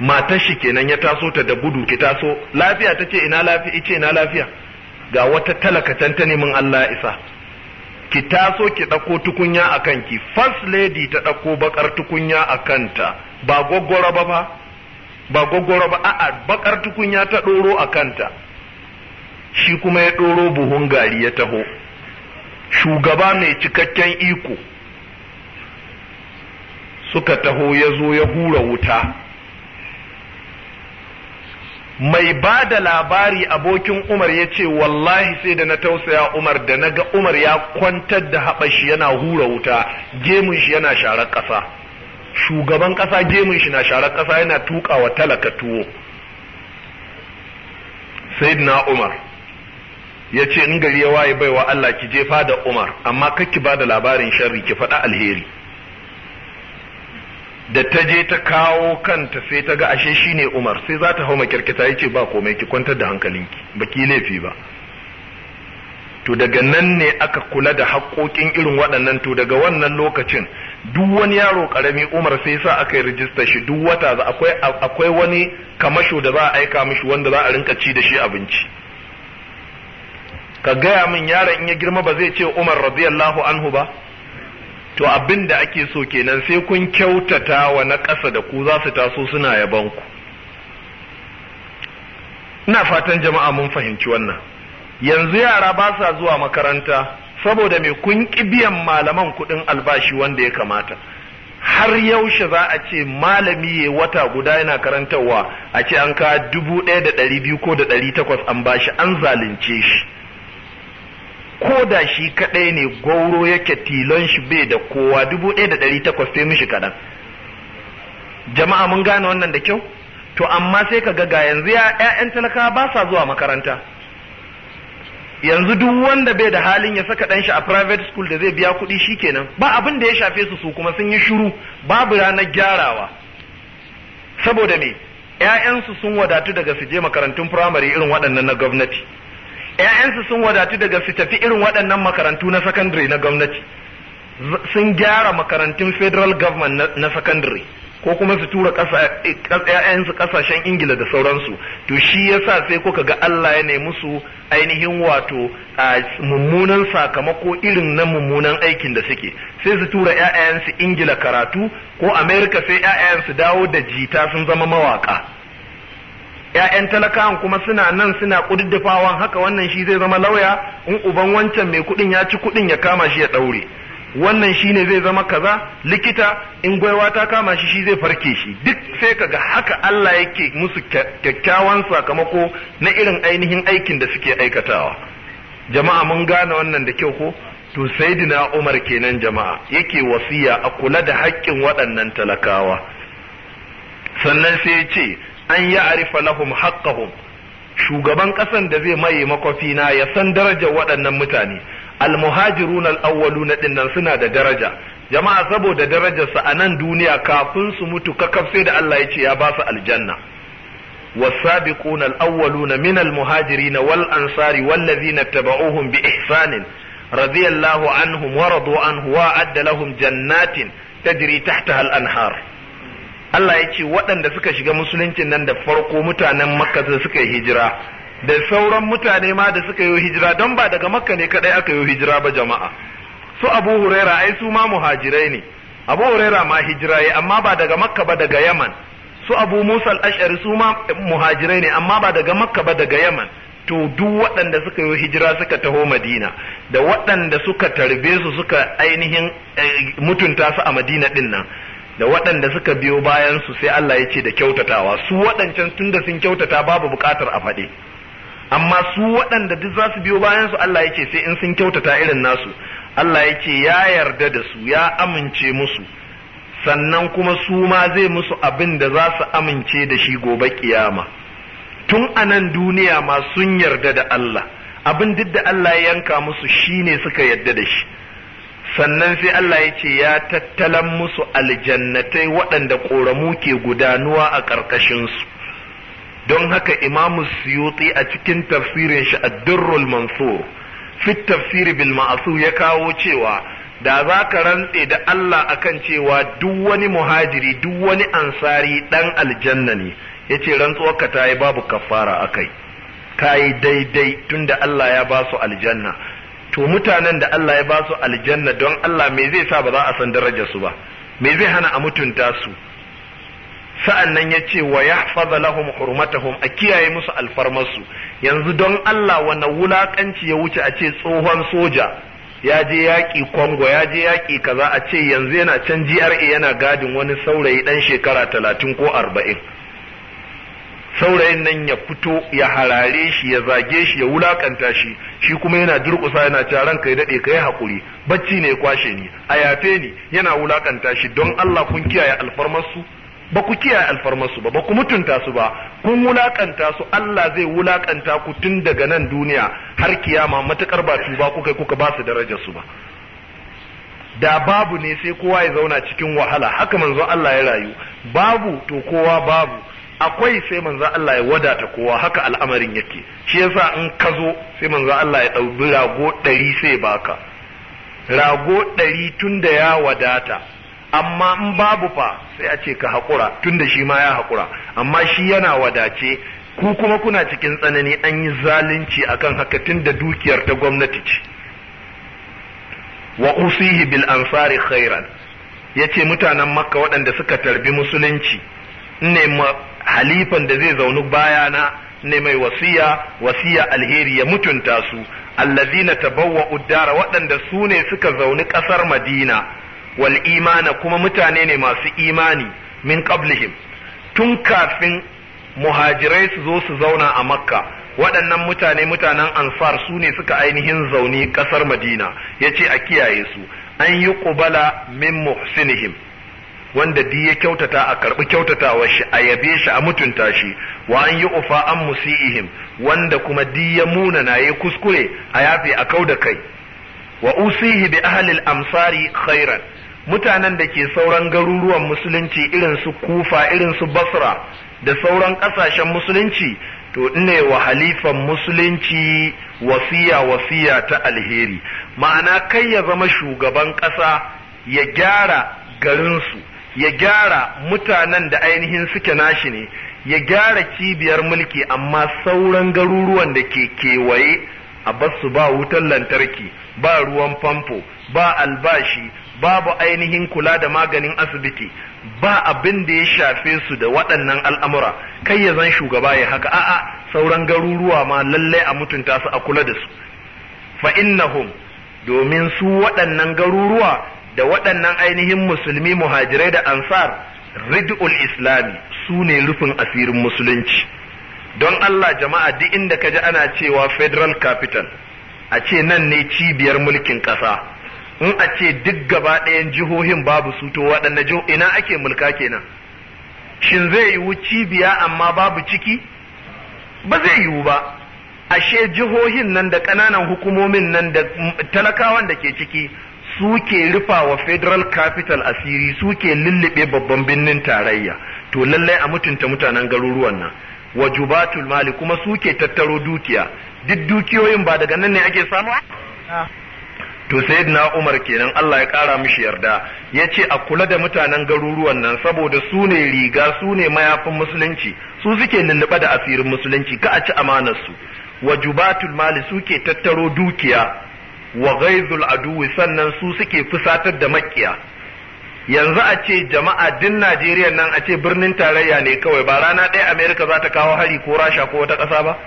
matar shi kenan ya taso ta da gudu ki taso lafiya ta ce ina lafiya ice ina lafiya ga wata talaka can ta nemin Allah isa ki taso ki dako tukunya a kanki first lady ta dako bakar tukunya a kanta ba gwaggwara ba ba ba ba a'a bakar tukunya ta ɗoro a kanta shi kuma ya ɗoro buhun gari ya taho shugaba mai cikakken iko suka taho ya zo ya hura wuta mai ba da labari abokin umar ya ce wallahi sai da na tausaya umar da na ga umar ya kwantar da haɓashi yana hura wuta gemun shi yana sharar ƙasa shugaban ƙasa gemun shi na sharar ƙasa yana tuƙa wa talaka tuwo sayyidina umar ya ce in gari ya waye baiwa Allah ki jefa da Umar amma kakki ba da labarin sharri ki faɗa alheri da ta je ta kawo kanta sai ta ga ashe ne Umar sai za ta hau makirkita ya ce ba komai ki kwantar da hankalinki baki laifi ba to daga nan ne aka kula da haƙoƙin irin waɗannan to daga wannan lokacin duk wani yaro ƙarami umar sai sa aka yi rijista shi duk wata akwai wani kamasho da za a aika mishi wanda za a rinka ci da shi abinci ka gaya min yaron in ya girma ba zai ce Umar radiyallahu anhu ba to abin da ake so kenan sai kun kyautata wa na ƙasa da ku za su taso suna yaban ku ina fatan jama'a mun fahimci wannan yanzu yara ba sa zuwa makaranta saboda mai kun biyan malaman kuɗin albashi wanda ya kamata har yaushe za a ce malami ya wata guda yana karantarwa a ce an ka dubu ɗaya da ɗari biyu ko da ɗari takwas an bashi an zalunce shi ko da shi kaɗai ne gauro yake tilon shi bai da kowa dubu ɗaya da ɗari takwas sai mishi kaɗan jama'a mun gane wannan da kyau to amma sai ka ga yanzu ‘ya'yan talakawa ba sa zuwa makaranta yanzu duk wanda bai da halin ya saka ɗan shi a private school da zai biya kuɗi shi kenan ba abin da ya shafe su su kuma sun yi shiru babu ranar gyarawa saboda me ‘ya'yansu sun wadatu daga su je makarantun firamare irin waɗannan na gwamnati ‘ya'yansu sun wadatu daga su tafi irin waɗannan makarantu na sakandare na gwamnati sun gyara makarantun federal government na sakandare ko kuma su tura ‘ya'yansu ƙasashen ingila da sauransu to shi yasa sai kuka ga Allah ya nemi su ainihin wato a mummunan sakamako irin na mummunan aikin da suke sai su tura ‘ya'yansu ingila karatu ko amerika sai ‘ya'yansu dawo da jita sun zama mawaka. ‘ya'yan talakawan kuma suna nan suna ƙududdufawan haka wannan shi zai zama lauya in uban wancan mai kuɗin ya ci kuɗin ya kama shi ya ɗaure wannan shi ne zai zama kaza likita in gwaiwa ta kama shi shi zai farke shi duk sai ka ga haka Allah yake musu kyakkyawan sakamako na irin ainihin aikin da suke aikatawa jama'a mun gane wannan da kyau ko to sayyidina Umar kenan jama'a yake wasiya a kula da haƙƙin waɗannan talakawa sannan sai ya ce an ya arifa lahum haqqahum shugaban ƙasan da zai maye makwafina ya san darajar waɗannan mutane almuhajirun na ɗinnan suna da daraja jama'a saboda darajarsa a nan duniya kafin su mutu kakaf sai da Allah ya ce ya ba su aljanna والسابقون الأولون من المهاجرين والأنصار والذين اتبعوهم بإحسان رضي الله عنهم ورضوا عنه وأعد لهم جنات تجري تحتها الأنهار Allah ya ce waɗanda suka shiga musuluncin nan da farko mutanen makka suka yi hijira da sauran mutane ma da suka yi hijira don ba daga makka ne kadai aka yi hijira ba jama'a su abu huraira ai su ma muhajirai ne abu huraira ma hijira yi amma ba daga makka ba daga yaman su abu musa al-ash'ari su ma muhajirai ne amma ba daga makka ba daga yaman to duk waɗanda suka yi hijira suka taho madina da waɗanda suka tarbe su suka ainihin eh, mutunta su a madina din nan da waɗanda suka biyo bayan su sai Allah ya ce da kyautatawa su waɗancan tunda sun kyautata babu buƙatar a faɗi amma su waɗanda duk za su biyo bayan su Allah ya ce sai in sun kyautata irin nasu Allah ya ce ya yarda da su ya amince musu sannan kuma su ma zai musu abin da za su amince da shi gobe kiyama tun a nan duniya ma sun yarda da Allah abin duk da Allah ya yanka musu shine suka yarda da shi sannan sai Allah ya ce ya tattalan musu aljannatai waɗanda ƙoramu ke gudanuwa a ƙarƙashinsu don haka imamu suyuti a cikin tafsirin shi a durrul mansur fit tafsiri bil ma'asu ya kawo cewa da za ka rantse da Allah akan cewa duk wani muhajiri duk wani ansari ɗan aljanna ne ya yace rantsuwarka ta yi babu kafara akai ka yi daidai tunda Allah ya ba su aljanna to mutanen da Allah ya ba su aljanna don Allah me zai sa ba za a san darajar su ba me zai hana a mutunta su sa'an nan ya ce wa yahfaza lahum hurmatahum a kiyaye musu alfarmarsu yanzu don Allah wani wulakanci ya wuce a ce tsohon soja ya je yaƙi Kongo ya je yaƙi kaza a ce yanzu yana can GRA yana gadin wani saurayi ɗan shekara talatin ko arba'in. saurayin nan ya fito ya harare shi ya zage shi ya wulakanta shi shi kuma yana durƙusa yana caran ranka ya dade ka yi hakuri bacci ne ya kwashe ni a yafe ni yana wulakanta shi don Allah kun kiyaye alfarmar su ba ku kiyaye alfarmar su ba ba ku mutunta su ba kun wulakanta su Allah zai wulakanta ku tun daga nan duniya har kiyama matakar ba tuba kuka kuka ba su darajar su ba da babu ne sai kowa ya zauna cikin wahala haka manzo Allah ya rayu babu to kowa babu akwai sai manzo Allah ya wadata kowa haka al'amarin yake shi yasa in ka zo sai manzo Allah ya ɗauki rago ɗari sai baka rago ɗari tun da ya wadata amma in babu fa sai a ce ka haƙura tun da shi ma ya haƙura amma shi yana wadace ku kuma kuna cikin tsanani an yi zalunci akan haka tun da dukiyar ta gwamnati ce wa usihi bil ansari khairan yace mutanen makka waɗanda suka tarbi musulunci nema halifan da zai zaunu bayana ne mai wasiya wasiya alheri ya mutunta su allazina tabawwa uddara waɗanda su ne suka zauni ƙasar madina wal imana kuma mutane ne masu imani min qablihim tun kafin muhajirai su zo su zauna a makka waɗannan mutane mutanen ansar su ne suka ainihin zauni ƙasar madina ya ce a kiyaye su an yi ƙubala min muhsinihim wanda di ya kyautata a karbi kyautatawa shi a yabe shi a mutunta shi wa an yi ufa an musiihim wanda kuma di ya muna na ya kuskure a yafe a kau da kai wa usihi bi ahlil amsari khairan mutanen da ke sauran garuruwan musulunci irin su kufa irin su basra da sauran kasashen musulunci to ne wa halifan musulunci wasiya wasiya ta alheri ma'ana kai ya zama shugaban ƙasa ya gyara garinsu ya gyara mutanen da ainihin suke nashi ne ya gyara cibiyar mulki amma sauran garuruwan da ke kewaye a basu ba wutar lantarki ba ruwan famfo ba albashi babu ainihin kula da maganin asibiti ba abin da ya shafe su da waɗannan al'amura kai ya zan shugaba ya haka a'a sauran garuruwa ma lallai a mutunta su a kula da su fa innahum domin su waɗannan garuruwa da waɗannan ainihin musulmi muhajirai da ansar rid'ul islami su ne rufin asirin musulunci don Allah jama'a duk inda ka ji ana cewa federal capital a ce nan ne cibiyar mulkin ƙasa in a ce duk gaba ɗayan jihohin babu su to waɗanne jiho ina ake mulka kenan shin zai yiwu cibiya amma babu ciki ba zai yiwu ba ashe jihohin nan da ƙananan hukumomin nan da talakawan da ke ciki suke rufa wa federal capital asiri suke lullube babban birnin tarayya to lallai a mutunta mutanen garuruwan nan wajubatul mali kuma suke tattaro dukiya duk dukiyoyin ba daga nan ne ake samu ah. to sayyidina Umar kenan Allah ya kara mishi yarda yace a kula da mutanen garuruwan nan saboda su ne riga su ne mayafin musulunci su suke lullube da asirin musulunci ka a ci amanar su wajubatul mali suke tattaro dukiya wa ghaizul aduwi sannan su suke fusatar da makiya yanzu a ce jama'a din Najeriya nan a ce birnin tarayya ne kawai ba rana ɗaya Amerika za ta kawo hari ko Rasha ko wata ƙasa ba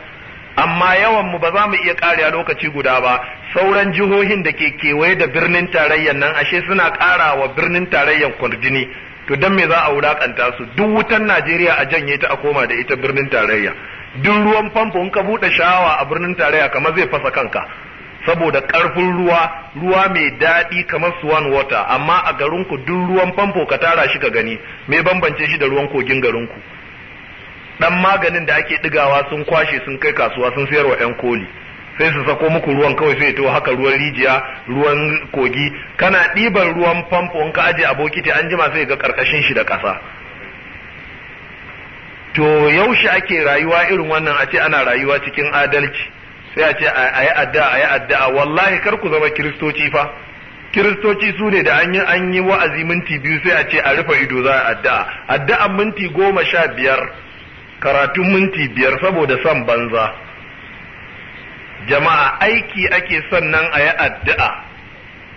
amma yawan mu ba za mu iya ƙariya lokaci guda ba sauran jihohin da ke kewaye da birnin tarayyan nan ashe suna ƙara wa birnin tarayyan kwarjini to dan me za a wulakanta su duk wutan Najeriya a janye ta a koma da ita birnin tarayya duk ruwan famfo in ka buɗe shawa a birnin tarayya kamar zai fasa kanka saboda ƙarfin ruwa ruwa mai daɗi kamar swan water amma a garinku duk ruwan famfo ka tara shi ka gani me bambance shi da ruwan kogin garinku dan maganin da ake digawa sun kwashe sun kai kasuwa sun sayar wa 'yan koli sai su sako muku ruwan kawai sai to haka ruwan rijiya ruwan kogi kana ɗiban ruwan famfo in ka aje a bokiti an jima sai ga karkashin shi da ƙasa to yaushe ake rayuwa irin wannan a ce ana rayuwa cikin adalci sai a ce a yi addu'a a yi addu'a wallahi kar ku zama kiristoci fa kiristoci su ne da an yi wa'azi minti biyu sai a ce a rufe ido za a addu'a addu'a minti goma sha biyar karatun minti biyar saboda son banza jama'a aiki ake sannan a yi addu'a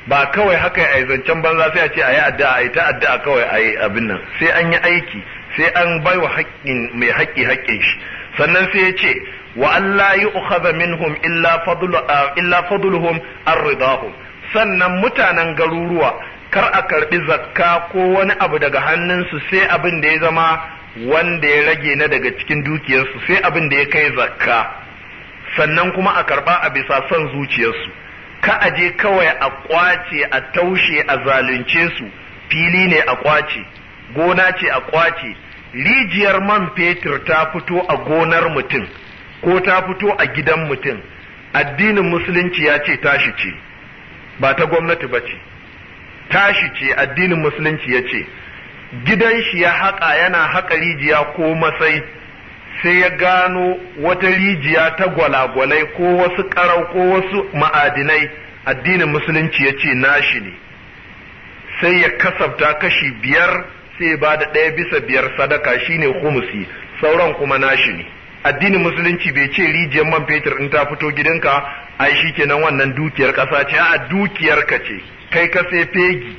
ba kawai haka a zancen banza sai a ce a yi addu'a a yi ta addu'a kawai a yi abin nan sai an yi aiki sai an bai wa haƙƙin mai haƙƙi haƙƙin shi sannan sai ya ce wa Allah yi ukhadha minhum illa fadlu illa fadluhum arridahum sannan mutanen garuruwa kar a karbi zakka ko wani abu daga hannunsu sai abin da ya zama wanda ya rage na daga cikin dukiyarsu sai abin da ya kai zakka sannan kuma a karba a bisa son zuciyarsu ka aje kawai a kwace a taushe a zalunce su fili ne a kwace gona ce a kwace rijiyar man fetur ta fito a gonar mutum ko ta fito a gidan mutum addinin musulunci ya ce tashi ce ba ta gwamnati ba ce tashi ce addinin musulunci ya ce gidan shi ya haƙa yana haƙa rijiya ko masai sai ya gano wata rijiya ta gwalagwalai ko wasu ƙarau ko wasu ma'adinai addinin musulunci ya ce nashi ne sai ya kasafta kashi biyar sai ba da ɗaya bisa biyar sadaka shine humusi sauran kuma nashi ne addinin musulunci bai ce rijiyar man fetur in ta fito gidanka ai kenan wannan dukiyar ƙasa ce a dukiyar ka ce kai ka sai fegi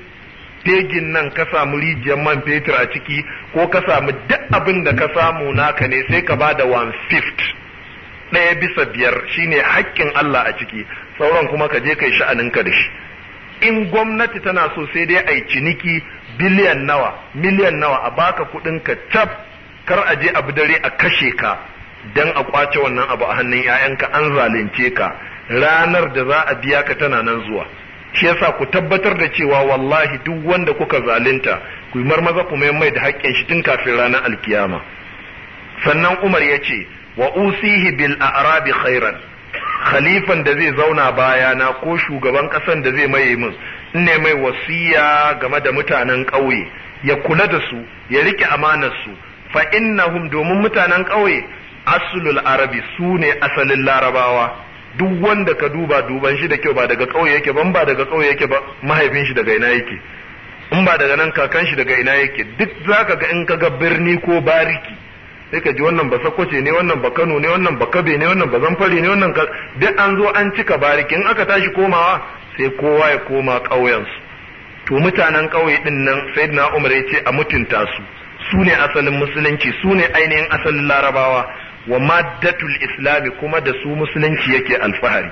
fegin nan ka samu rijiyar man fetur a ciki ko ka samu duk abin da ka samu naka ne sai ka ba da one fifth ɗaya bisa biyar shine hakkin Allah a ciki sauran kuma ka je kai sha'aninka da shi in gwamnati tana so sai dai yi ciniki biliyan nawa miliyan nawa a baka kudin ka tab kar a je abu dare a kashe ka dan a kwace wannan abu a hannun 'ya'yanka an zalunce ka ranar da za a biya ka tana nan zuwa shi yasa ku tabbatar da cewa wallahi duk wanda kuka zalunta ku yi marmaza ku mai mai da haƙƙin shi tun kafin ranar alkiyama sannan umar ya ce wa usihi bil a'rabi khairan khalifan da zai zauna bayana ko shugaban ƙasan da zai maye min ne mai wasiya game da mutanen ƙauye ya kula da su ya rike amanarsu fa innahum domin mutanen ƙauye aslul arabi su ne asalin larabawa duk wanda ka duba duban shi da kyau ba daga ƙauye yake ba ba daga ƙauye yake ba mahaifin shi daga ina yake in ba daga nan kakan shi daga ina yake duk zaka ga in kaga birni ko bariki sai ka ji wannan ba sakkwace ne wannan ba kano ne wannan ba kabe ne wannan ba zamfari ne wannan duk an zo an cika bariki in aka tashi komawa sai kowa ya koma ƙauyensu to mutanen ƙauye ɗin nan na umar ya ce a mutunta su su ne asalin musulunci su ne ainihin asalin larabawa wa maddatul islami kuma da su musulunci yake alfahari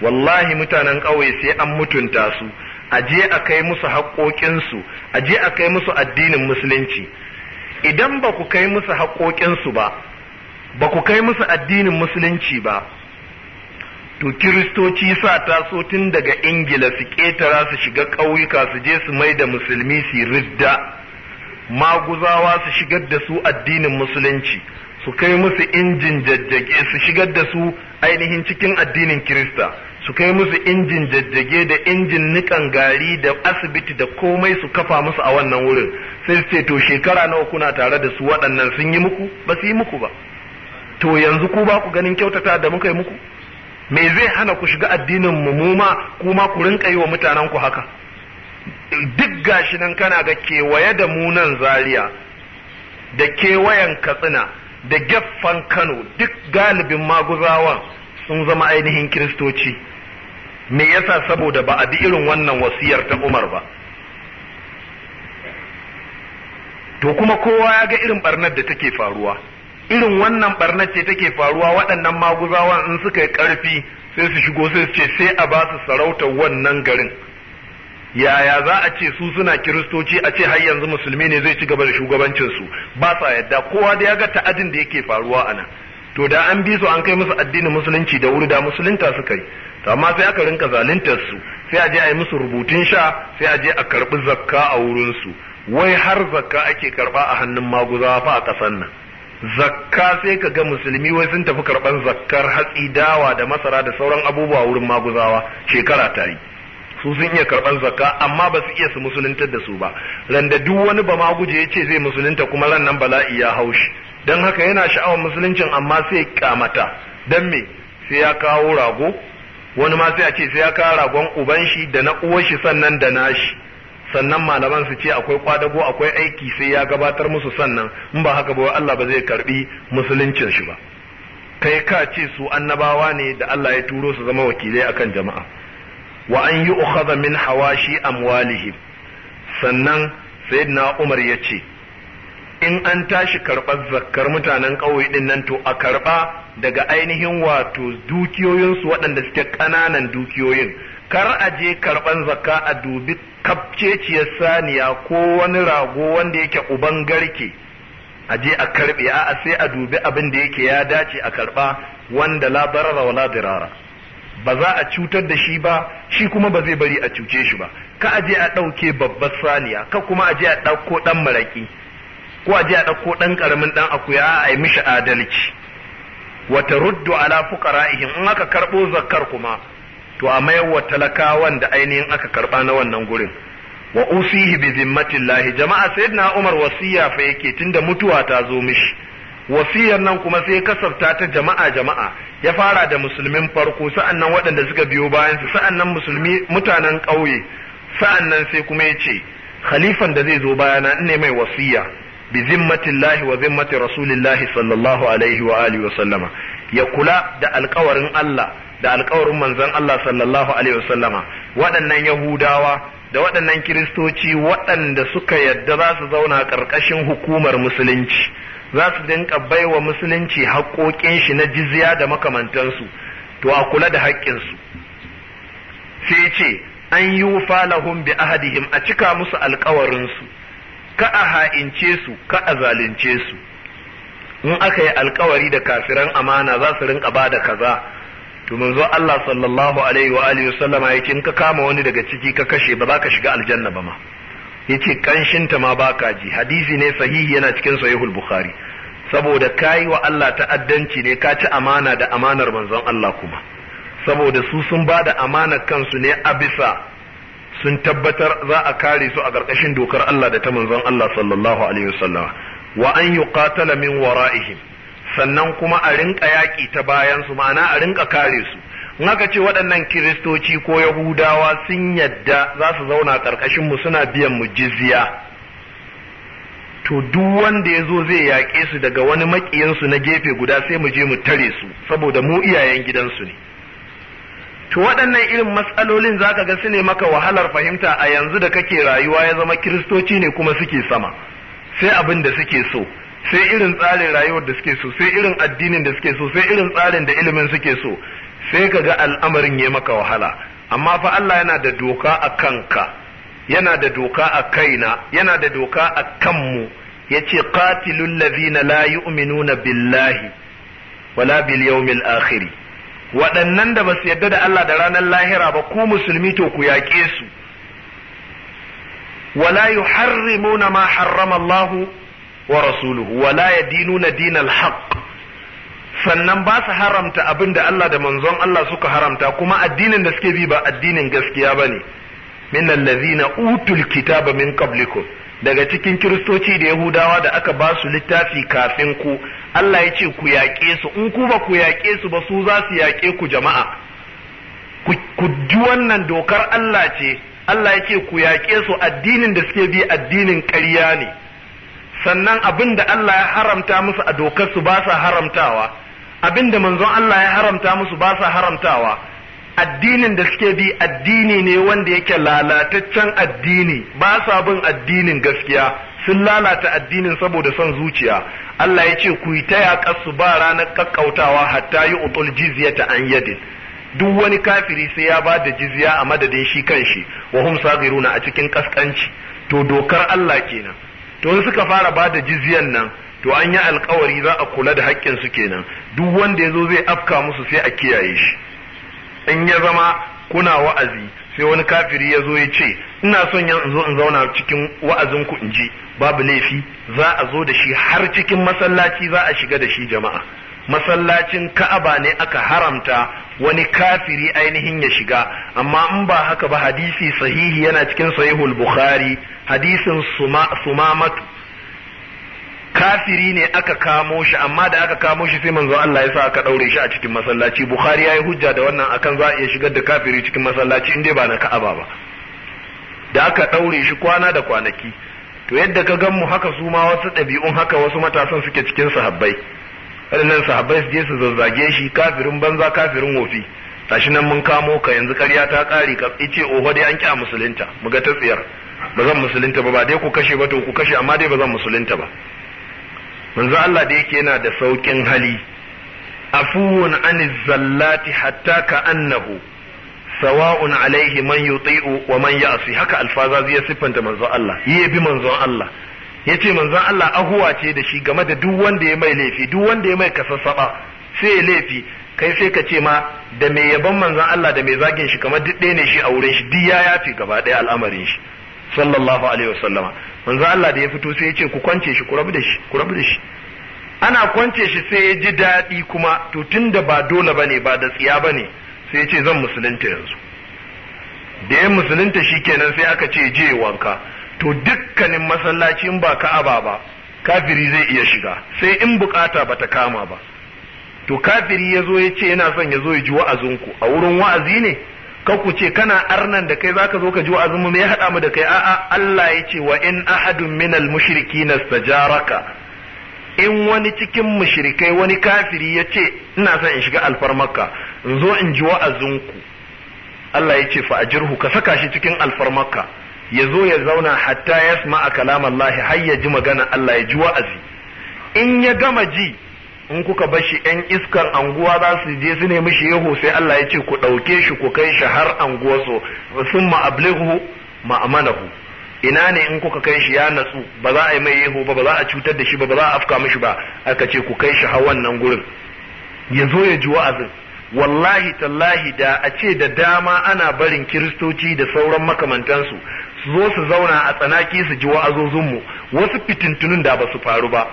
wallahi mutanen ƙauye sai an mutunta su a je a kai musu haƙoƙinsu a je a kai musu addinin musulunci idan ba ku kai musu haƙoƙinsu ba ba ku kai musu addinin musulunci ba to kiristoci sa taso tun daga ingila su ƙetara su shiga ƙauyuka su je su mai da musulmi su ridda maguzawa su shigar da su addinin musulunci su kai musu injin jajjage su shigar da su ainihin cikin addinin kirista su kai musu injin jajjage da injin nikan gari da asibiti da komai su kafa musu a wannan wurin sai su ce to shekara nawa kuna tare da su waɗannan sun yi muku ba su yi muku ba to yanzu ku ba ku ganin kyautata da muka yi muku me zai hana ku shiga addinin mu mu ma kuma ku rinka yi wa mutanen ku haka duk gashi nan kana ga kewaye da mu nan zaria da kewayen katsina da geffan kano duk galibin maguzawan sun zama ainihin kiristoci me yasa saboda ba a bi irin wannan wasiyar ta umar ba to kuma kowa ya ga irin barnar da take faruwa irin wannan barna ce take faruwa waɗannan maguzawa in suka yi ƙarfi sai su shigo sai su ce sai a ba su sarautar wannan garin yaya za a ce su suna kiristoci a ce har yanzu musulmi ne zai ci gaba da shugabancinsu ba sa yadda kowa da ya ga ta'adin da yake faruwa a nan to da an bi su an kai musu addinin musulunci da wuri da musulunta suka yi to amma sai aka rinka zaluntarsu su sai a je a yi musu rubutun sha sai a je a karbi zakka a wurin su wai har zakka ake karba a hannun maguzawa fa a kasan nan zakka sai ka ga musulmi wai sun tafi karban zakkar hatsi dawa da masara da sauran abubuwa wurin maguzawa shekara ta yi su sun iya karban zakka amma ba su iya su musuluntar da su ba randa duk wani ba maguje ya ce zai musulunta kuma ran nan bala'i ya haushi don haka yana sha'awar musuluncin amma sai kamata don me sai ya kawo rago wani ma sai a ce sai ya kawo ragon uban shi da na uwar shi sannan da nashi sannan malaman su ce akwai kwadago akwai aiki sai ya gabatar musu sannan in ba haka ba Allah ba zai karbi musuluncin shi ba kai ka ce su annabawa ne da Allah ya turo su zama wakilai akan jama'a wa an yi ukhadha min hawashi amwalihim sannan sayyidina Umar ya ce in an tashi karɓar zakkar mutanen ƙauye din nan to a karɓa daga ainihin wato dukiyoyinsu waɗanda suke ƙananan dukiyoyin kar a je karban zakka a dubi kafceciyar saniya ko wani rago wanda yake uban garke a je a karbe a sai a dubi abin da yake ya dace a karba wanda la barara wala dirara ba za a cutar da shi ba shi kuma ba zai bari a cuce shi ba ka a je a ɗauke babbar saniya ka kuma a je a ɗauko ɗan maraƙi ko a je a ɗauko ɗan ƙaramin ɗan akuya a yi mishi adalci wata ruddu ala fuqara'ihim in aka karɓo zakkar kuma to a mayar wa talakawan da ainihin aka karɓa na wannan gurin wa usihi bi zimmatillahi jama'a sayyidina Umar wasiya fa yake tunda mutuwa ta zo mishi wasiyar nan kuma sai kasafta ta jama'a jama'a ya fara da musulmin farko sa'annan waɗanda suka biyo bayan su sa'annan musulmi mutanen ƙauye sa'annan sai kuma ya ce khalifan da zai zo bayana in ne mai wasiya bi zimmatillahi wa zimmati rasulillahi sallallahu alaihi wa alihi wa sallama ya kula da alkawarin Allah da alkawarin manzon Allah sallallahu alaihi wasallama waɗannan yahudawa da waɗannan kiristoci waɗanda suka yadda za su zauna ƙarƙashin hukumar musulunci za su dinka baiwa musulunci haƙoƙin shi na jizya da makamantansu to a kula da su. sai ce an yi wufa lahum bi ahadihim a cika musu alkawarinsu ka a ha'ince su ka a zalunce su in aka yi alƙawari da kafiran amana za su rinka bada kaza to manzo Allah sallallahu alaihi wa alihi wasallama yake in ka kama wani daga ciki ka kashe ba za ka shiga aljanna ba ma yace kanshin ta ma baka ji hadisi ne sahihi yana cikin sahihul bukhari saboda kai wa Allah ta'addanci ne ka ci amana da amanar manzon Allah kuma saboda su sun ba da amanar kansu ne a bisa sun tabbatar za a kare su a ƙarƙashin dokar Allah da ta manzon Allah sallallahu alaihi wasallam wa an yuqatala min wara'ihim sannan kuma a rinka yaƙi ta bayan su ma'ana a rinka kare su in aka ce waɗannan kiristoci ko yahudawa sun yadda za su zauna ƙarƙashin mu suna biyan mu jizya to duk wanda ya zo zai yaƙe su daga wani maƙiyinsu na gefe guda sai mu je mu tare su saboda mu iyayen gidansu ne to waɗannan irin matsalolin za ka ga su ne maka wahalar fahimta a yanzu da kake rayuwa ya zama kiristoci ne kuma suke sama sai abin da suke so sai irin tsarin rayuwar da suke so sai irin addinin da suke so sai irin tsarin da ilimin suke so sai ka ga al'amarin ya maka wahala amma fa Allah yana da doka a kanka yana da doka a kaina yana da doka a kanmu yace qatilul ladhina la yu'minuna billahi wala bil yawmil akhir waɗannan da ba su yarda da Allah da ranar lahira ba ku musulmi to ku yaƙe su wala yuharrimuna ma harrama Allahu wa rasuluhu wa la yadinuna dinal haqq sannan ba su haramta abinda Allah da manzon Allah suka haramta kuma addinin da suke bi ba addinin gaskiya bane min allazina utul kitaba min qablikum daga cikin kiristoci da yahudawa da aka ba su littafi kafin ku Allah ya ce ku yaƙe su in ku ba ku yaƙe su ba su za su yaƙe ku jama'a ku ji wannan dokar Allah ce Allah ya ce ku yaƙe su addinin da suke bi addinin ƙarya ne sannan abin da Allah ya haramta musu a dokar su ba sa haramtawa abin da manzon Allah ya haramta musu ba sa haramtawa addinin da suke bi addini ne wanda yake lalataccen addini ba sa bin addinin gaskiya sun lalata addinin saboda son zuciya Allah ya ce ku yi ta yaƙar ba ranar kakkautawa hatta yi utul jizyata an yadin duk wani kafiri sai ya ba da jizya a madadin shi kan kanshi wa hum sabiruna a cikin kaskanci to dokar Allah kenan to suka fara ba da jizyan nan to an yi alkawari za a kula da haƙƙin su kenan duk wanda ya zo zai afka musu sai a kiyaye shi in ya zama kuna wa'azi sai wani kafiri ya zo ya ce ina son yan zo in zauna cikin wa'azin ku in ji babu laifi za a zo da shi har cikin masallaci za a shiga da shi jama'a masallacin ka'aba ne aka haramta wani kafiri ainihin ya shiga amma in ba haka ba hadisi sahihi yana cikin sahihul bukhari hadisin sumamatu kafiri ne aka kamo shi amma da aka kamo shi sai manzo Allah ya sa aka daure shi a cikin masallaci bukhari yayi hujja da wannan akan za a iya shigar da kafiri cikin masallaci in dai ba na ka'aba ba da aka daure shi kwana da kwanaki to yadda ka gan mu haka su ma wasu ɗabi'un haka wasu matasan suke cikin sahabbai waɗannan sahabbai su je su zazzage shi kafirin banza kafirin wofi tashi nan mun kamo ka yanzu ƙarya ta ƙari ka ice oho dai an ƙya musulunta mu ga ta tsiyar ba zan musulunta ba ba dai ku kashe ba to ku kashe amma dai ba zan musulunta ba manzo Allah da yake yana da saukin hali afuwun aniz zallati hatta ka annahu sawa'un alaihi man yuti'u wa man ya'si haka alfaza ya siffanta manzo Allah yi bi manzo Allah yace manzo Allah ahuwa ce da shi game da duk wanda ya mai laifi duk wanda ya mai kasassaba sai ya laifi kai sai ka ce ma da mai yaban manzon Allah da mai zagin shi kamar duk ɗaya ne shi a wurin shi duk ya yafi gaba ɗaya al'amarin shi sallallahu alaihi wasallama manzo Allah da ya fito sai ya ce ku kwance shi ku rabu da shi ku rabu da shi ana kwance shi sai ya ji daɗi kuma to tunda ba dole bane ba da tsiya bane sai ya ce zan musulunta yanzu da ya musulunta shi kenan sai aka ce je wanka to dukkanin masallaci in ba ka'aba ba kafiri zai iya shiga sai in bukata ta kama ba to kafiri ya zo ya ce yana son ya zo ya ji wa'azinku a wurin wa'azi ne ka ku ce kana arnan da kai zaka zo ka ji wa'azin mu me ya hada mu da kai a'a Allah ya ce wa in ahadun minal mushrikin istajaraka in wani cikin mushrikai wani kafiri ya ce ina son in shiga alfarmarka in zo in ji wa'azinku Allah ya ce fa ajirhu ka saka shi cikin alfarmarka ya zo ya zauna hatta yasma'a kalam har ya ji magana Allah ya ji wa'azi in ya gama ji in kuka bar shi yan iskar anguwa za su je su nemi shi yahu sai Allah ya ce ku ɗauke shi ku kai shi har anguwarsu sun ma'ablihu ma'amanahu ina ne in kuka kai shi ya natsu ba za a yi mai yahu ba ba za a cutar da shi ba ba za a afka mishi ba aka ce ku kai shi har wannan gurin ya zo ya ji wa'azin wallahi tallahi da a ce da dama ana barin kiristoci da sauran makamantansu su zo su zauna a tsanaki su ji wa'azozinmu wasu fitintunun da ba su faru ba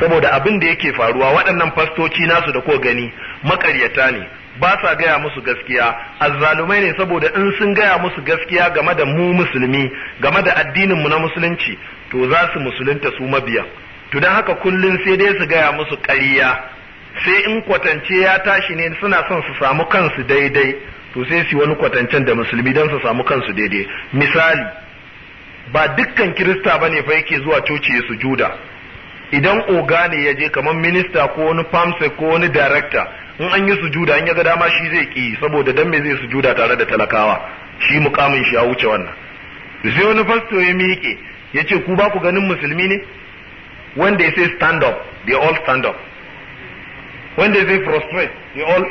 saboda abin da yake faruwa waɗannan fastoci nasu da ko gani makaryata ne ba sa gaya musu gaskiya azzalumai ne saboda in sun gaya musu gaskiya game da mu musulmi game da addinin mu na musulunci to za su musulunta su mabiya to dan haka kullum sai dai su gaya musu ƙarya sai in kwatance ya tashi ne suna son su samu kansu daidai to sai su wani kwatancen da musulmi don su samu kansu daidai misali ba dukkan kirista bane fa yake zuwa coci su juda. idan oga ne ya je kamar minista ko wani famsa ko wani director in an yi sujuda in ya ga dama shi zai ki saboda dan me zai sujuda tare da talakawa shi mukamin shi ya wuce wannan sai wani pastor ya miƙe ya ce ku ba ku ganin musulmi ne wanda ya sai stand up they all stand up wanda they say prostrate they all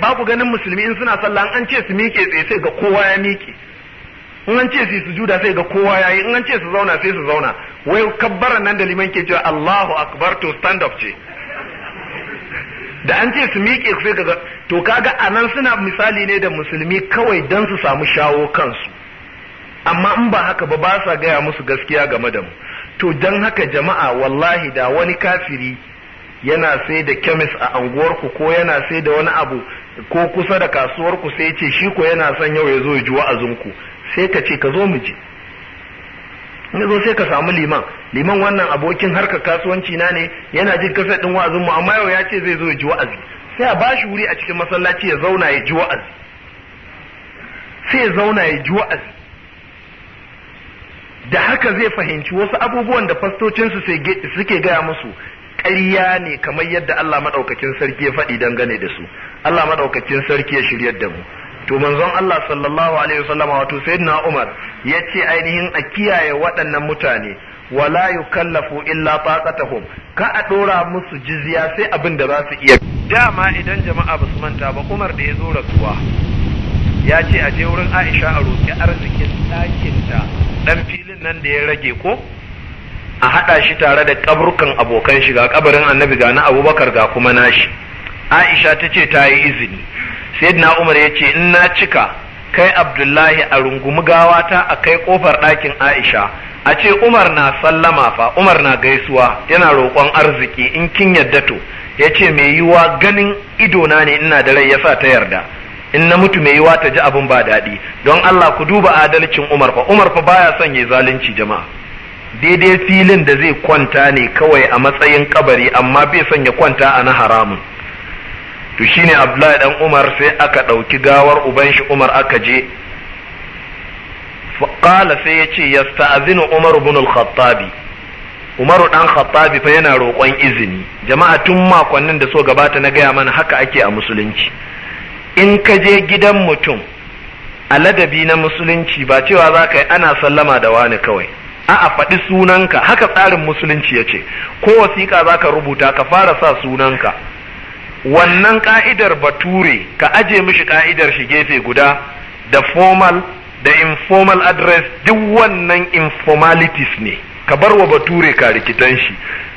ba ku ganin musulmi in suna sallah an ce su miƙe tsaye sai ga kowa ya miƙe in an ce su sujuda sai ga kowa yayi in an ce su zauna sai su zauna wai kabbara nan da liman ke cewa Allahu akbar to stand up ce da an ce su miƙe sai ga to kaga anan suna misali ne da musulmi kawai dan su samu shawo kansu amma in ba haka ba ba sa gaya musu gaskiya game da mu to dan haka jama'a wallahi da wani kafiri yana sai da kemis a anguwarku ko yana sai da wani abu ko kusa da kasuwarku sai ce shi ko yana son yau ya zo ya ji wa'azinku sai ka ce ka zo mu je in zo sai ka samu liman liman wannan abokin harka kasuwanci na ne yana jin kasar din wa'azin mu amma yau ya ce zai zo ya ji wa'azi sai a bashi wuri a cikin masallaci ya zauna ya ji wa'azi sai ya zauna ya ji wa'azi da haka zai fahimci wasu abubuwan da fastocinsu suke gaya musu ƙarya ne kamar yadda Allah maɗaukakin sarki ya faɗi dangane da su Allah maɗaukakin sarki ya shiryar da mu to manzon Allah sallallahu alaihi wasallama wato sayyidina Umar yace ainihin a kiyaye waɗannan mutane wala yukallafu illa taqatuhum ka a dora musu jizya sai abin da za su iya dama idan jama'a basu manta ba Umar da ya zo rasuwa ya ce a je wurin Aisha a roki arzikin ɗakinta dan filin nan da ya rage ko a haɗa shi tare da kaburkan abokan shi ga kabarin annabi ga na abubakar ga kuma nashi aisha ta ce ta yi izini sayyidina umar ya ce in na cika kai abdullahi a rungumi gawata a kai kofar ɗakin aisha a ce umar na sallama fa umar na gaisuwa yana roƙon arziki in kin yadda to ya ce mai yiwa ganin idona ne ina da rai yasa ta yarda in na mutu mai yiwa ta ji abin ba daɗi don Allah ku duba adalcin Umar fa Umar fa baya son ya zalunci jama'a daidai filin da zai kwanta ne kawai a matsayin kabari amma bai son ya kwanta a na haramun to shine abdullahi dan umar sai aka ɗauki gawar uban shi umar aka je qala sai yace yasta'zinu umar ibn al-khattabi umaru dan khattabi fa yana roƙon izini jama'a tun makonnin da so gabata na gaya mana haka ake a musulunci in ka je gidan mutum a ladabi na musulunci ba cewa za ka yi ana sallama da wani kawai a'a faɗi sunanka haka tsarin musulunci ya ce ko wasiƙa za ka rubuta ka fara sa sunanka wannan ka'idar bature ka aje mishi ka'idar shi gefe guda da formal da informal address duk wannan informalities ne ka bar wa bature ka rikitan shi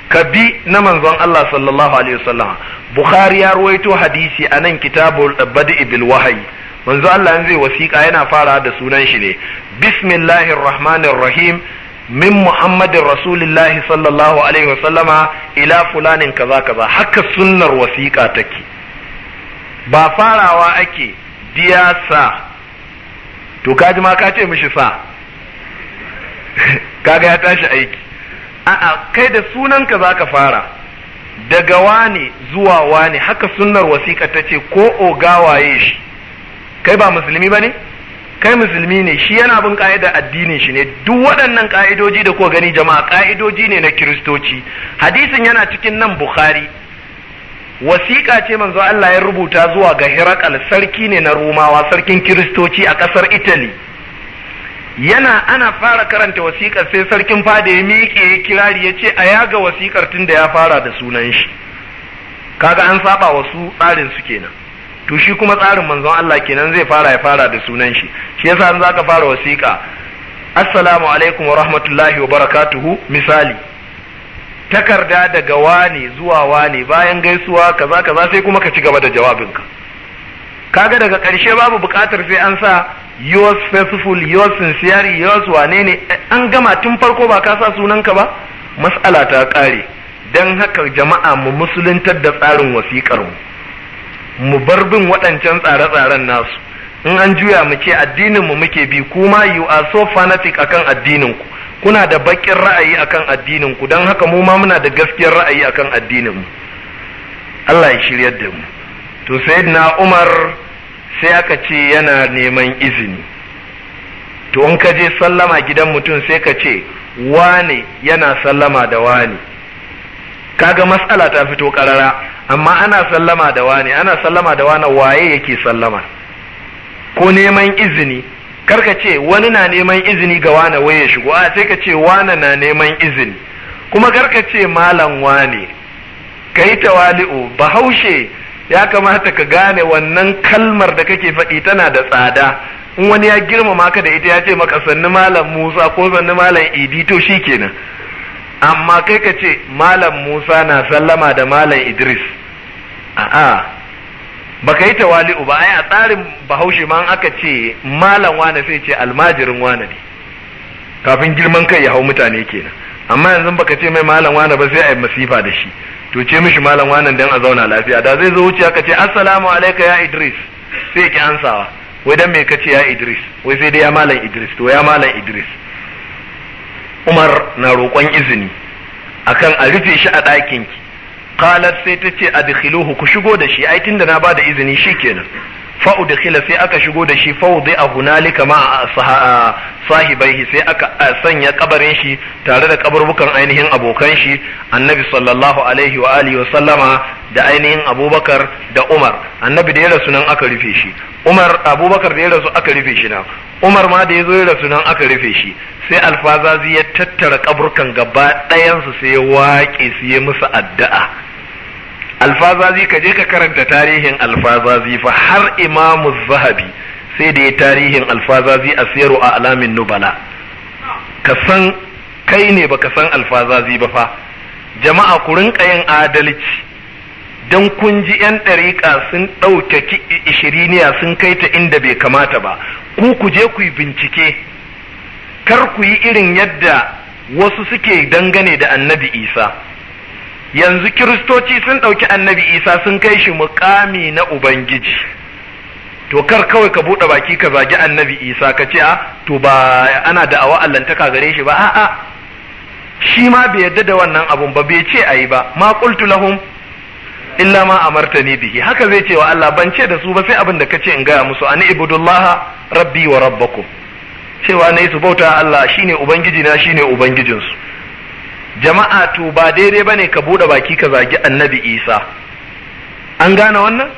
ka bi na manzon Allah sallallahu alaihi wasallam Bukhari ya ruwaito hadisi a nan kitabul badi bil wahayi manzon Allah zai wasiƙa yana fara da sunan shi ne bismillahir rahmanir rahim min muhammadin rasulillahi sallallahu alaihi wa wasallama ila fulanin kaza kaza haka sunnar wasiƙa take ba farawa ake diya sa to ka ji ma ka ce mishi sa kaga ya tashi aiki a'a kai da sunanka za ka fara daga wani zuwa wani haka sunnar wasiƙa ta ce ko ogawaye shi kai ba musulmi ba ne? kai musulmi ne shi yana bin ka'idar addinin shi ne duk waɗannan ka'idoji da ko gani jama'a ka'idoji ne na kiristoci hadisin yana cikin nan bukhari wasiƙa ce manzo Allah ya rubuta zuwa ga Herakal sarki ne na Rumawa sarkin kiristoci a ƙasar Italy yana ana fara karanta wasiƙar sai sarkin fada ya miƙe ya kirari ya ce a yaga wasiƙar tunda ya fara da sunan shi kaga an saba wasu tsarin su kenan to shi kuma tsarin manzon Allah kenan zai fara ya fara da sunan shi shi yasa an zaka fara wasiƙa assalamu alaikum wa rahmatullahi wa barakatuhu misali takarda daga wani zuwa wani bayan gaisuwa kaza kaza sai kuma ka ci gaba da jawabinka kaga daga karshe babu buƙatar sai an sa yours faithful yours sincere yours wane ne an gama tun farko ba ka sa ka ba mas'ala ta kare don haka jama'a mu musuluntar da tsarin wasiƙar mu mu bar bin waɗancan tsare-tsaren nasu in an juya mu ce addinin mu muke bi kuma you are so fanatic akan addinin ku kuna da bakin ra'ayi akan addinin ku don haka mu ma muna da gaskiyar ra'ayi akan addinin mu Allah ya shiryar da mu to sayyidina Umar sai aka ce yana neman izini to in ka je sallama gidan mutum sai ka ce wane yana sallama da wane kaga matsala ta fito karara amma ana sallama da wani ana sallama da wani waye yake sallama ko neman izini karka ce wani na neman izini ga wani waye shigo a sai ka ce wani na neman izini kuma karka ce malam wani. kai tawali'u bahaushe ya kamata ka gane wannan kalmar da kake faɗi tana da tsada in wani ya girmama ka da ita ya ce maka sannu malam Musa ko sannu malam Idi to shi kenan. amma kai ka ce malam musa na sallama da malam idris a'a baka yi tawali'u ba ai a tsarin bahaushe ma aka ce malam wane sai ce almajirin wane ne kafin girman kai ya hau mutane kenan amma yanzu baka ce mai malam wane ba sai a yi masifa da shi to ce mishi malam wane dan a zauna lafiya da zai zo wuce aka ce assalamu alaikum ya idris sai ki ansawa wai dan me ka ce ya idris wai sai dai ya malam idris to ya malam idris Umar na roƙon izini akan a rufe shi a ɗakin ki sai ta ce a ku shigo da shi ai tun da na ba da izini shi kenan fa'udkhila sai aka shigo da shi fawdi a hunalika ma sahibaihi sai aka sanya kabarin shi tare da kaburbukan ainihin abokan shi annabi sallallahu alaihi wa alihi wa sallama da ainihin abubakar da umar annabi da ya rasu nan aka rufe shi umar abubakar da ya rasu aka rufe shi nan umar ma da ya zo ya rasu nan aka rufe shi sai alfazazi ya tattara kaburkan gaba ɗayansu sai ya waƙe su ya musu addu'a alfazazi ka je ka karanta tarihin alfazazi fa har imamu zahabi sai da ya tarihin alfazazi a siyaru a alamin nubala ka san kai ne ba ka san alfazazi ba fa jama'a ku rinka yin adalci don kun ji 'yan ɗariƙa sun ɗauke ishiriniya sun kai ta inda bai kamata ba ku ku je ku yi bincike kar ku yi irin yadda wasu suke dangane da annabi isa yanzu kiristoci sun ɗauki annabi isa sun kai shi mukami na ubangiji to kar kawai ka buɗe baki ka zagi annabi isa ka ce a to ba ana da awa allantaka gare shi ba a'a shi ma bai yarda da wannan abun ba bai ce ayi ba ma qultu lahum illa ma amartani bihi haka zai ce wa Allah ban ce da su ba sai abin da kace in gaya musu ani ibudullaha rabbi wa rabbakum cewa nayi su bauta Allah shine ubangiji na shine ubangijinsu jama'a to ba daidai ba ne ka buɗe baki ka zagi annabi isa an gane wannan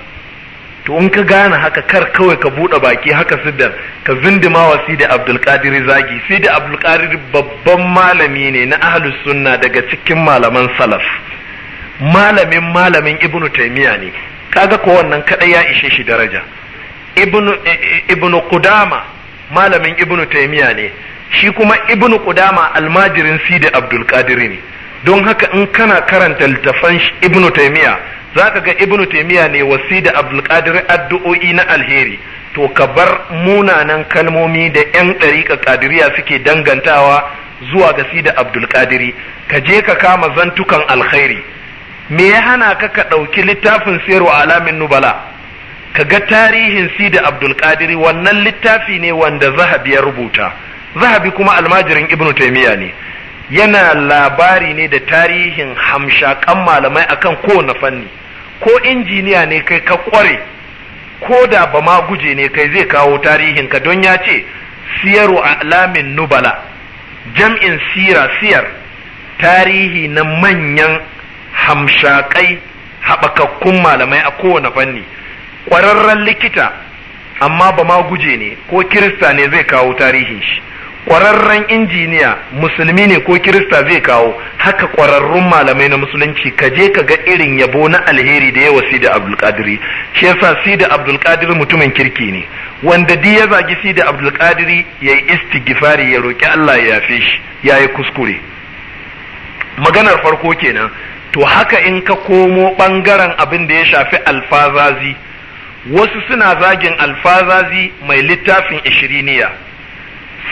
to in ka gane haka kar kawai ka buɗe baki haka siddar ka zindima wa sidi abdulkadir zagi sidi abdulkadir babban malami ne na ahlus sunna daga cikin malaman salaf malamin malamin ibnu taymiya ne kaga ko wannan kadai ya ishe shi daraja ibnu eh, eh, ibnu qudama malamin ibnu taymiya ne shi kuma ibn qudama almajirin sidi abdul qadir ne don haka in kana karanta littafan ibn taymiya zaka ga ibn taymiya ne wasi da abdul qadir addu'o'i na alheri to ka bar munanan kalmomi da yan dariƙa qadiriya suke dangantawa zuwa ga sidi abdul qadiri ka je ka kama zantukan alkhairi me ya hana ka ka ɗauki littafin sayarwa alamin nubala ka ga tarihin sidi abdul qadiri wannan littafi ne wanda zahabi ya rubuta zahabi kuma almajirin ibnu taimiyya ne yana labari ne da tarihin hamshakan malamai akan kowane fanni ko injiniya ne kai ka kware ko da ba ma guje ne kai zai kawo tarihin ka don ya ce siyaru alamin nubala jam'in sira siyar tarihi na manyan hamshakai haɓakakkun malamai a kowane fanni ƙwararren likita amma ba ma guje ne ko kirista ne zai kawo tarihin shi ƙwararren injiniya musulmi ne ko kirista zai kawo haka ƙwararrun malamai na musulunci ka je ka ga irin yabo na alheri da yawa sida abdulkadiri shi yasa sida abdulkadiri mutumin kirki ne wanda di ya zagi sida abdulkadiri ya yi istigifari ya roƙi allah ya yafe shi ya yi kuskure maganar farko kenan to haka in ka komo ɓangaren abin da ya shafi alfazazi wasu suna zagin alfazazi mai littafin ishiriniya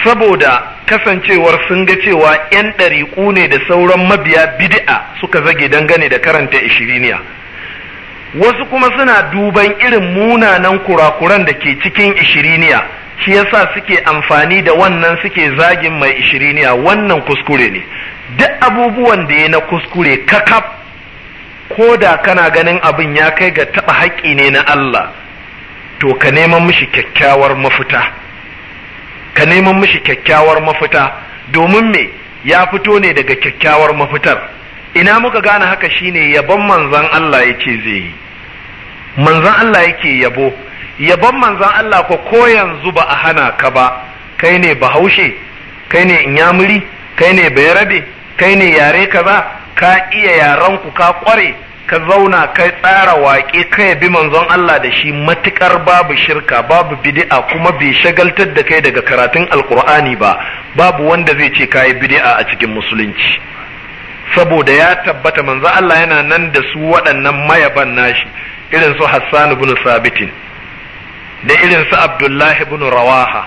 saboda kasancewar sun ga cewa 'yan ɗariƙu ne da sauran mabiya bid'a suka zage dangane da karanta ishiriniya wasu kuma suna duban irin munanan kurakuran da ke cikin ishiriniya shi yasa suke amfani da wannan suke zagin mai ishiriniya wannan kuskure ne duk abubuwan da ya na kuskure kakaf ko da kana ganin abin ya kai ga taɓa haƙƙi ne na Allah to ka neman mishi kyakkyawar mafita. ka neman mishi kyakkyawar mafita domin me ya fito ne daga kyakkyawar mafitar ina muka gane haka shine yabon manzan Allah yake zai yi manzan Allah yake yabo yabon manzan Allah ko ko yanzu ba a hana ka ba kai ne bahaushe kai ne inyamuri kai ne bayarabe kai ne yare kaza ka iya yarenku ka kware ka zauna kai tsara waƙe kai bi manzon Allah da shi matukar babu shirka babu bid'a kuma bai shagaltar da kai daga karatun alkur'ani ba babu wanda zai ce kayi bid'a a cikin musulunci saboda ya tabbata manzon Allah yana nan da su waɗannan mayaban nashi irin su Hassan ibn Sabitin da irin su Abdullah ibn Rawaha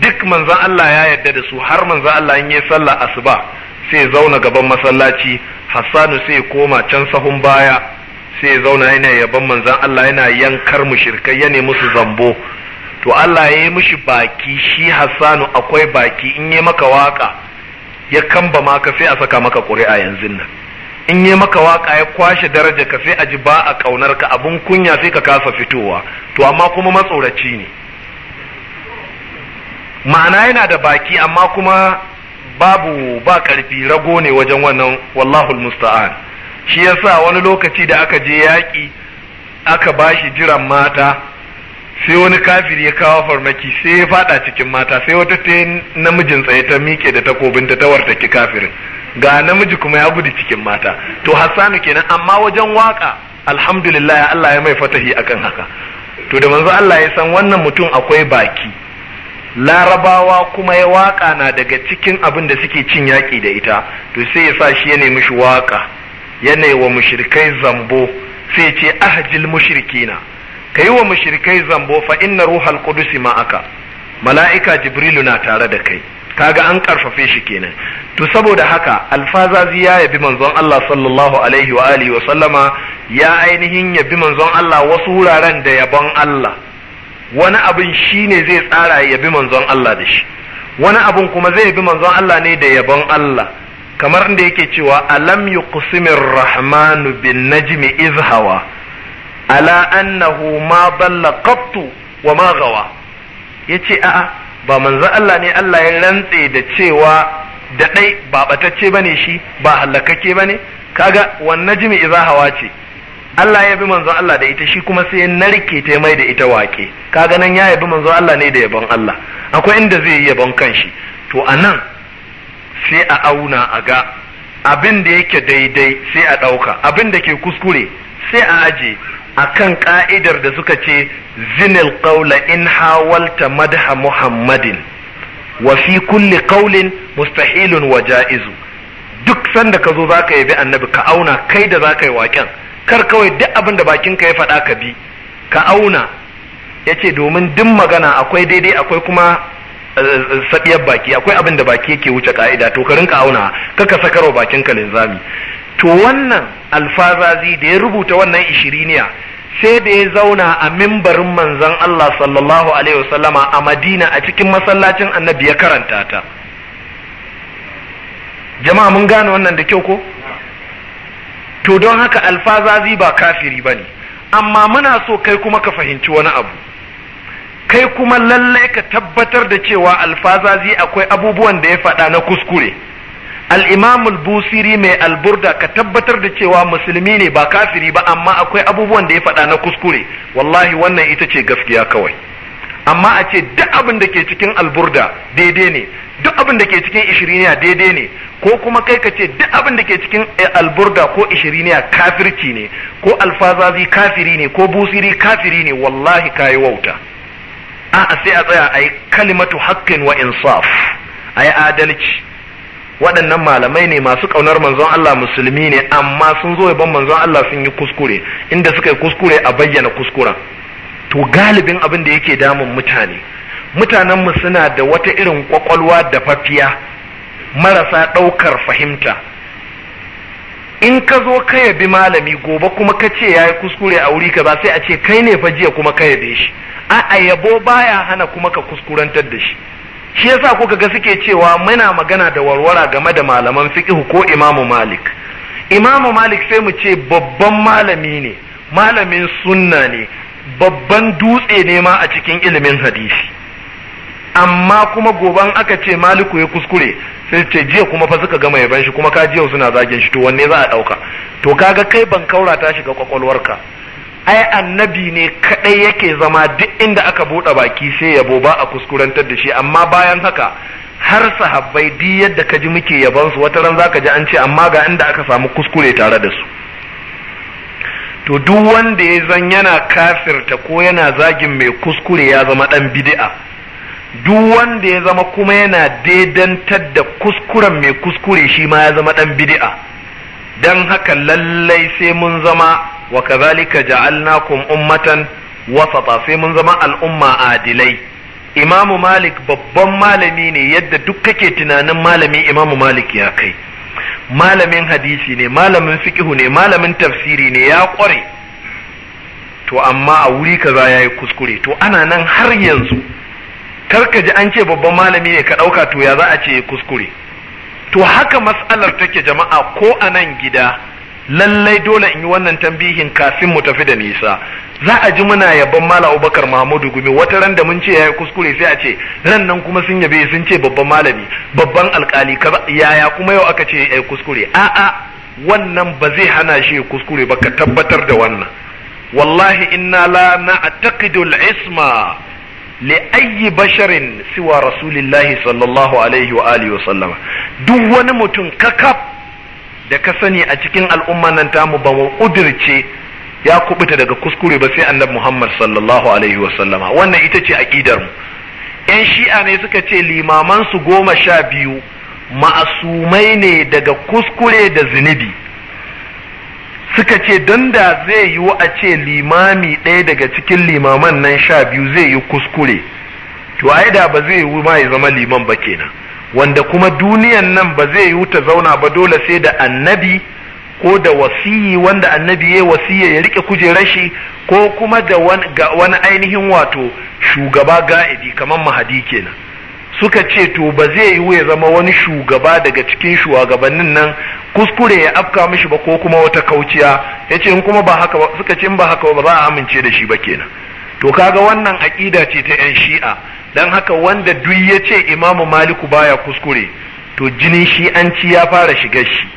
duk manzon Allah ya yarda da su har manzon Allah in yi sallah asuba sai zauna gaban masallaci hassanu sai koma can sahun baya sai zauna yana yaban manzan Allah yana yankar mu shirkai ya nemi su zambo to Allah ya yi mishi baki shi hassanu akwai baki in yi maka waka ya kamba maka sai a saka maka ƙuri'a yanzu nan in yi maka waka ya kwashe daraja ka sai a ji ba a ƙaunar ka abun kunya sai ka kasa fitowa to amma kuma matsoraci ne ma'ana yana da baki amma kuma babu ba karfi rago ne wajen wannan wallahul musta'an shi yasa wani lokaci da aka je yaƙi aka bashi jiran mata sai wani kafir ya kawo farmaki sai ya fada cikin mata sai wata ta namijin tsaye ta miƙe da takobin ta wartaki kafirin ga namiji kuma ya gudu cikin mata to hassanu kenan amma wajen waka alhamdulillah Allah ya mai fatahi akan haka to da manzo Allah ya san wannan mutum akwai baki larabawa kuma ya waka na daga cikin abin da suke cin yaƙi da ita to sai ya sa shi ya nemi shi waka ya wa mushrikai zambo sai ce ahjil mushrikina kai wa mushrikai zambo fa inna ruhal qudus ma'aka mala'ika jibrilu na tare da kai kaga an karfafe shi kenan to saboda haka alfazazi ya yabi manzon Allah sallallahu alaihi wa alihi wa sallama ya ainihin yabi manzon Allah wasu wuraren da yabon Allah wani abin shi ne zai tsara ya bi manzon Allah da shi wani abin kuma zai bi manzon Allah ne da yabon Allah kamar inda yake cewa alam yuqsimir rahmanu bin najmi iz hawa ala annahu ma dalla qattu wa ma gawa yace a'a ba manzon Allah ne Allah ya rantse da cewa da dai ba batacce bane shi ba halakake bane kaga wannan najmi iz hawa ce Allah ya bi manzo Allah da ita shi kuma sai ya narke ta mai da ita wake kaga nan ya yabi manzo Allah ne da yabon Allah akwai inda zai yi yabon kanshi to anan sai a auna a ga abin da yake daidai sai a ɗauka abin da ke kuskure sai a aje kan ka'idar da suka ce zinil qawla in hawalta madha muhammadin wa fi kulli qawlin mustahilun wa ja'izu duk sanda ka zo zaka yabi annabi ka auna kai da zaka yi waken kar kawai duk abin da bakinka ya faɗa ka bi ka auna ya ce domin duk magana akwai daidai akwai kuma eh, eh, sabiyar baki akwai abin da baki yake wuce ka'ida to ka rinka auna ka ka sakarwa bakinka linzami to wannan alfazazi da ya rubuta wannan ishiriniya sai da ya zauna a mimbarin manzon Allah sallallahu alaihi wasallama a Madina a cikin masallacin annabi ya karanta ta jama'a mun gane wannan da kyau ko to don haka alfazazi ba kafiri ba ne amma muna so kai kuma ka fahimci wani abu kai kuma lallai ka tabbatar da cewa alfazazi akwai abubuwan da ya faɗa na kuskure al'imamul busiri mai alburda ka tabbatar da cewa musulmi ne ba kafiri ba amma akwai abubuwan da ya faɗa na kuskure wallahi wannan ita ce gaskiya kawai amma a ce duk abin da ke cikin alburda daidai ne duk abin da ke cikin ishiriniya daidai ne ko kuma kai ka ce duk abin da ke cikin eh, alburda ko ishiriniya kafirci ne ko alfazazi kafiri ne ko busiri kafiri ne wallahi kayi wauta a'a sai a tsaya a yi kalimatu haqqin wa insaf a yi adalci waɗannan malamai ne masu ƙaunar manzon Allah musulmi ne amma sun zo yaban manzon Allah sun yi kuskure inda suka yi kuskure a bayyana kuskuren to galibin abin da yake damun mutane mutanenmu suna da wata irin kwakwalwa da fafiya marasa ɗaukar fahimta in ka zo ka yabi malami gobe kuma ka ce ya yi kuskure a wuri ka ba sai a ce kai ne fa jiya kuma ka yabe shi a yabo baya hana kuma ka kuskurantar da shi shi yasa kuka ga suke cewa muna magana da warwara game da malaman fiqh ko imamu malik imamu malik sai mu ce babban malami ne malamin sunna ne babban dutse ne ma a cikin ilimin hadisi amma kuma goban aka ce maliku ya kuskure sai ce jiya kuma fa suka gama yaban shi kuma ka jiya suna zagin shi to wanne za a dauka to kaga kai ban kaura ta shiga kwakwalwarka ai annabi ne kadai yake zama duk inda aka bude baki sai yabo ba a kuskurantar da shi amma bayan haka har sahabbai duk yadda ka ji muke yaban su wata ran zaka ji an ce amma ga inda aka samu kuskure tare da su to duk wanda ya zan yana kafirta ko yana zagin mai kuskure ya zama ɗan bid'a duk wanda ya zama kuma yana daidantar da kuskuren mai kuskure shi ma ya zama ɗan bid'a dan haka lallai sai mun zama wa kazalika ja'alnakum ummatan wasata sai mun zama al'umma adilai imamu malik babban malami ne yadda duk kake tunanin malami imamu malik ya kai malamin hadisi ne malamin fikihu ne malamin tafsiri ne ya kware to amma a wuri kaza ya yi kuskure to ana nan har yanzu karka ji an ce babban malami ne ka ɗauka to ya za a ce kuskure to haka mas'alar take jama'a ko a nan gida lallai dole in yi wannan tambihin kafin mu tafi da nisa za a ji muna yabon mala abubakar mahmudu gumi wata ran da mun ce yayi kuskure sai a ce ran nan kuma sun yabe sun ce babban malami babban alkali yaya kuma yau aka ce yayi kuskure a'a wannan ba zai hana shi kuskure ba ka tabbatar da wannan wallahi inna la na'taqidu al-isma li ayyi basharin siwa rasulillahi sallallahu alaihi wa alihi wa sallama duk wani mutum kakaf da ka sani a cikin al'umma nan tamu ba mu kudirce ya kubuta daga kuskure ba sai annabi Muhammad sallallahu alaihi wa sallama wannan ita ce aqidar mu yan shi'a ne suka ce limaman su goma sha biyu ma'asumai ne daga kuskure da zunubi suka ce don da zai wa a ce limami ɗaya daga cikin limaman nan sha biyu zai yi kuskure to ai da ba zai yi ma ya zama liman ba kenan wanda kuma duniyan nan ba zai yi ta zauna ba dole sai da annabi ko da wasiyi wanda annabi ya wasiya ya rike kujerar shi ko kuma da wani ainihin wato shugaba ga'idi kamar mahadi kenan suka ce to ba zai yi ya zama wani shugaba daga cikin shugabannin nan kuskure ya afka mishi ba ko kuma wata kauciya ya ce in kuma ba haka ba suka ce in ba haka ba za a amince da shi ba kenan to kaga wannan aƙida ce ta 'yan shi'a dan haka wanda duk ya ce imamu maliku baya kuskure to jinin ci ya fara shiga shi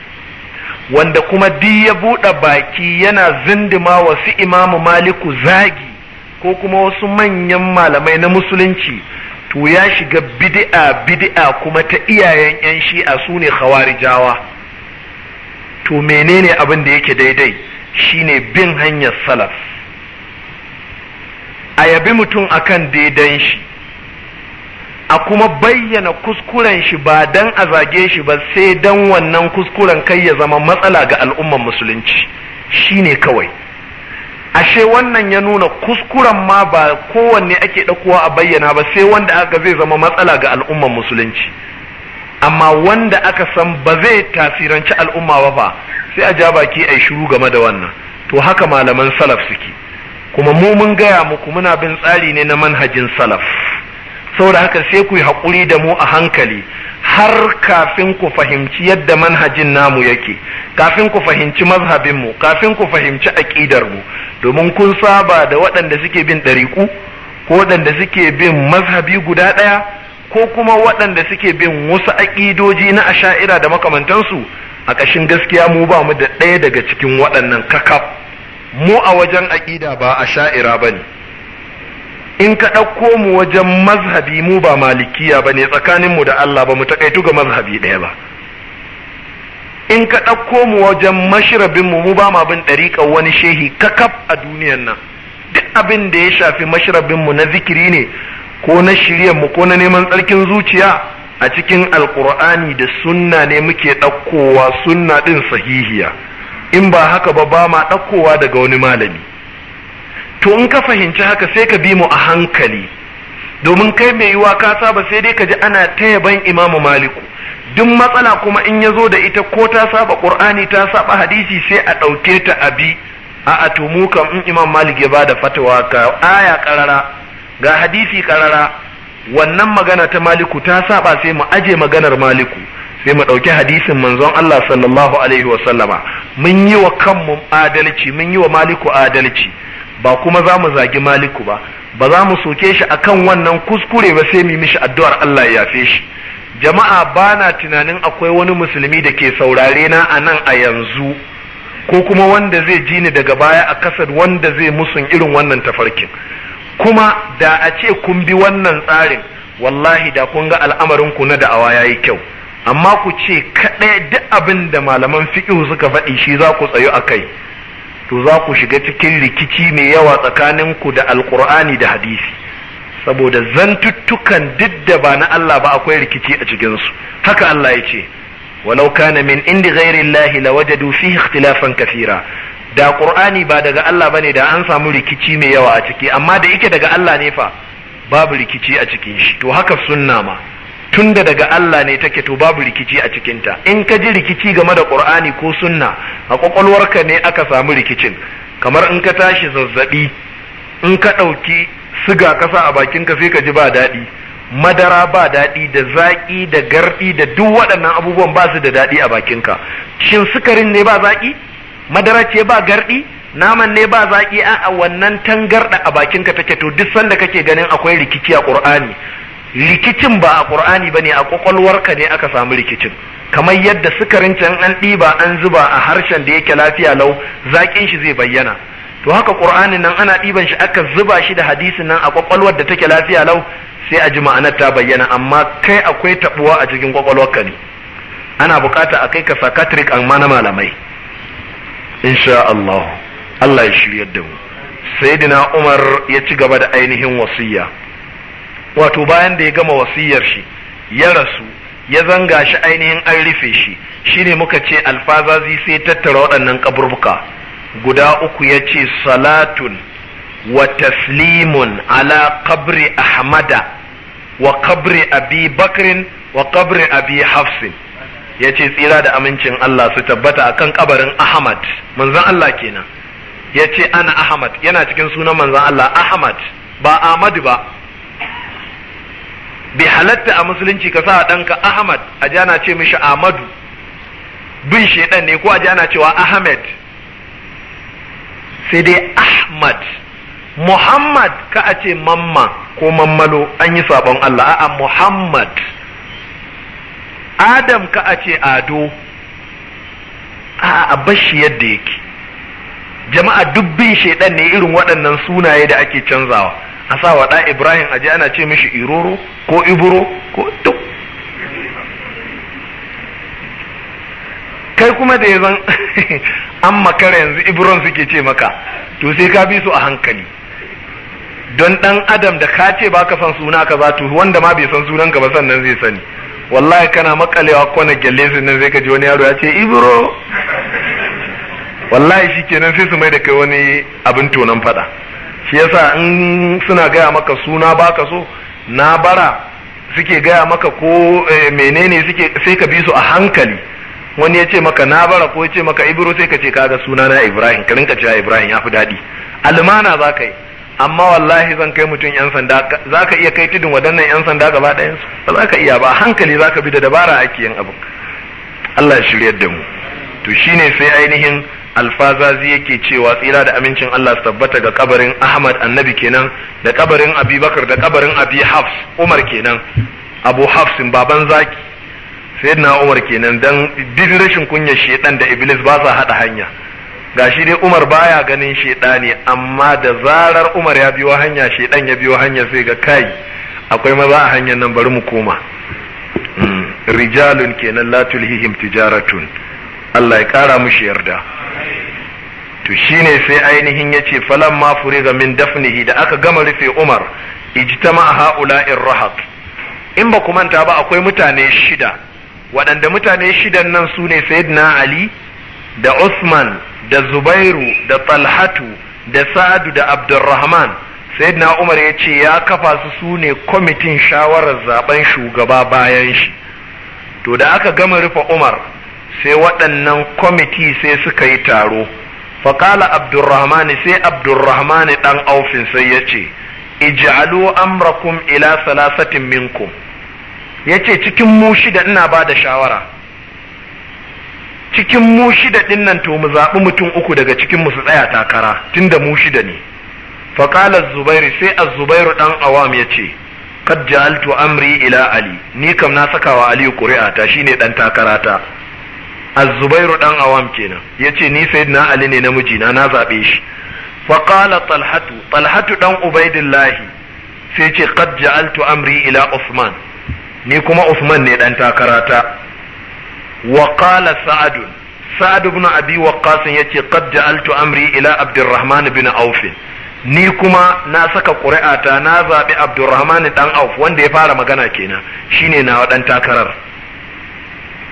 wanda kuma duk ya buɗe baki yana zindima wasu imamu maliku zagi ko kuma wasu manyan malamai na musulunci to ya shiga bid'a bid'a kuma ta iyayen 'yan shi'a su ne khawarijawa to menene abin da yake daidai shine bin hanyar salaf a yabi mutum akan daidan shi a kuma bayyana kuskuren shi ba dan a zage shi ba sai dan wannan kuskuren kai ya zama matsala ga al'umman musulunci shine kawai ashe wannan ya nuna kuskuren ma ba kowanne ake ɗaukowa a bayyana ba sai wanda aka zai zama matsala ga al'umman musulunci amma wanda aka san ba zai tasiranci al'umma ba ba sai a ja baki a shiru game da wannan to haka malaman salaf suke kuma mu mun gaya muku muna bin tsari ne na manhajin salaf saboda haka sai ku yi haƙuri da mu a hankali har kafin ku fahimci yadda manhajin namu yake kafin ku fahimci mazhabinmu kafin ku fahimci mu, domin kun saba da waɗanda suke bin ɗariƙu ko waɗanda suke bin mazhabi guda ɗaya ko kuma waɗanda suke bin wasu aƙidoji na asha'ira da makamantansu a ƙashin gaskiya mu ba mu da ɗaya daga cikin waɗannan kakaf mu a wajen aƙida ba asha'ira ba ne in ka ɗauko mu wajen mazhabi mu ba malikiya ba ne tsakaninmu da Allah ba mu taƙaitu ga mazhabi ɗaya ba in ka ɗauko mu wajen mashirabinmu mu ba ma bin ɗariƙa wani shehi kakaf a duniyan nan duk abin da ya shafi mu na zikiri ne ko na mu, ko na neman tsarkin zuciya a cikin alkur'ani da sunna ne muke ɗaukowa sunna ɗin sahihiya in ba haka ba ba ma ɗaukowa daga wani malami to in ka fahimci haka sai ka bi mu a hankali domin kai mai yiwa ka saba sai dai ka ji ana ta yaban imamu maliku duk matsala kuma in ya zo da ita ko ta saba qur'ani ta saba hadisi sai a ɗauke ta a bi a atomu kam in imam malik ya bada fatawa ka aya karara ga hadisi karara wannan magana ta maliku ta saba sai mu aje maganar maliku sai mu ɗauki hadisin manzon Allah sallallahu alaihi wasallama mun yi wa kanmu adalci mun yi wa maliku adalci ba kuma za mu zagi maliku ba ba za mu soke shi akan wannan kuskure ba sai mu mishi addu'ar Allah ya yafe shi jama'a ba na tunanin akwai wani musulmi da ke saurare na a nan a yanzu ko kuma wanda zai ji ni daga baya a kasar wanda zai musun irin wannan tafarkin kuma da a ce kun bi wannan tsarin wallahi da kun ga al'amarin ku na da'awa yayi kyau amma ku ce kaɗai duk abin da malaman fiƙihu suka faɗi shi za ku tsayu a kai to za ku shiga cikin rikici mai yawa tsakaninku da alkur'ani da hadisi saboda zantuttukan duk da ba na Allah ba akwai rikici a cikinsu haka Allah ya ce walau kana min indi llahi lawajadu fihi ikhtilafan kathira da qur'ani ba daga Allah bane da an samu rikici mai yawa a ciki amma da yake daga Allah ne fa babu rikici a cikin shi to haka sunna ma tunda daga Allah ne take to babu rikici a cikinta in ka ji rikici game da Qur'ani ko sunna a kwakwalwarka ne aka samu rikicin kamar in ka tashi zazzabi in ka ɗauki siga kasa a bakinka sai ka ji ba daɗi madara ba daɗi da zaƙi da garɗi da duk waɗannan abubuwan ba su da daɗi a bakinka shin sukarin ne ba zaƙi madara ce ba garɗi naman ne ba zaƙi a wannan tangarɗa a bakinka take to duk sanda kake ganin akwai rikici a ƙur'ani Likicin ba a qur'ani bane a kwakwalwarka ne aka samu rikicin kamar yadda sukarin can an ɗiba an zuba a harshen da yake lafiya lau zaƙin shi zai bayyana to haka qur'anin nan ana ɗiban shi aka zuba shi da hadisin nan a kwakwalwar da take lafiya lau sai a ji ma'anar ta bayyana amma kai akwai taɓuwa a cikin ƙwaƙwalwarka ne ana bukata a kai ka psychiatric amma na malamai insha Allah Allah ya shiryar da mu sayyidina Umar ya ci gaba da ainihin wasiyya wato bayan da ya gama wasiyar shi ya rasu ya zanga shi ainihin an rufe shi ne muka ce alfazazi sai tattara waɗannan kaburbuka guda uku ya ce salatun wa taslimun ala kabri ahmada wa kabri abi bakrin wa kabri abi hafsin ya ce tsira da amincin Allah su tabbata a kan kabarin ahmad manzan Allah kenan ya ce ana ahmad yana cikin sunan manzan Allah ahmad ba ahmad ba bai halatta a musulunci ka sa ɗanka ahmad a jana ce mishi ahmadu bin shaidan ne ko a jana cewa ahmed sai dai ahmad muhammad ka a ce mamma ko mammalo an yi sabon allah a'a muhammad adam ka a ce ado a bashi yadda yake jama'a duk bin shaidan ne irin waɗannan sunaye da ake canzawa a sa wa ɗa ibrahim a ana ce mishi iroro ko iburo ko duk kai kuma da ya zan an makara yanzu Iburon suke ce maka to sai ka bi su a hankali don dan adam da ka ce ba ka san suna ka za to wanda ma bai san sunan ka ba sannan zai sani wallahi kana makalewa kwana gyalle su nan zai ka wani yaro ya ce Iburo. wallahi shi kenan sai su mai da kai wani abin tonon fada shi yasa in suna gaya maka suna baka so na bara suke gaya maka ko eh, menene suke sai ka bi su a hankali wani ya ce maka na bara ko ya ce maka ibro sai ka ce ka ga suna na ibrahim ka rinka cewa ibrahim ya fi daɗi almana za ka yi amma wallahi zan kai mutum yan sanda za ka iya kai tudun waɗannan yan sanda gaba su ba za ka iya ba hankali za ka bi da dabara ake yin abin Allah shiryar da mu to shine sai ainihin alfazazi yake cewa tsira da amincin Allah su tabbata ga kabarin Ahmad annabi kenan da kabarin Abubakar da kabarin Abi Hafs Umar kenan Abu Hafsin baban zaki sayyidina Umar kenan dan bin rashin kunya shedan da Iblis ba sa hada hanya gashi dai Umar baya ganin shedani amma da zarar Umar ya biyo hanya shedan ya biyo hanya sai ga kai akwai maza a hanyar nan bari mu koma hmm, rijalun kenan la tulhihim tijaratun Allah ya kara mushi yarda to shine sai ainihin yace falamma furiga min dafnihi da aka gama rufe Umar ijtama haula'ir rahat in ba ku manta ba akwai mutane shida waɗanda mutane shidan nan su ne sayyidina Ali da Usman da Zubairu da Talhatu da Sa'adu da Abdurrahman sayyidina Umar ya ce ya kafa su su ne kwamitin shawarar zaben shugaba bayan shi to da aka gama rufe Umar sai waɗannan kwamiti sai suka yi taro faƙala abdurrahmani sai abdurrahmani ɗan aufin sai ya ce ij'alu amrakum ila salasatin minkum ce cikin mu shida ina ba da shawara cikin mu shida ɗin nan to mu zaɓi mutum uku daga cikin mu su tsaya takara tunda mu shida ne faƙalar zubairu sai a zubairu ɗan awam ya ce kad ja'altu amri ila ali ni kam na sakawa aliyu ƙuri'ata shine ɗan takarata az-zubairu dan awam kenan yace ni sayyidina ali ne namiji na na zabe shi fa qala talhatu talhatu dan ubaidillahi sai ce qad ja'altu ila usman ni kuma usman ne dan takarata wa qala sa'ad sa'ad ibn abi waqqas yace qad ja'altu ila abdulrahman bin auf ni kuma na saka ƙuri'ata na zaɓi abdulrahman dan auf wanda ya fara magana kenan shine na dan takarar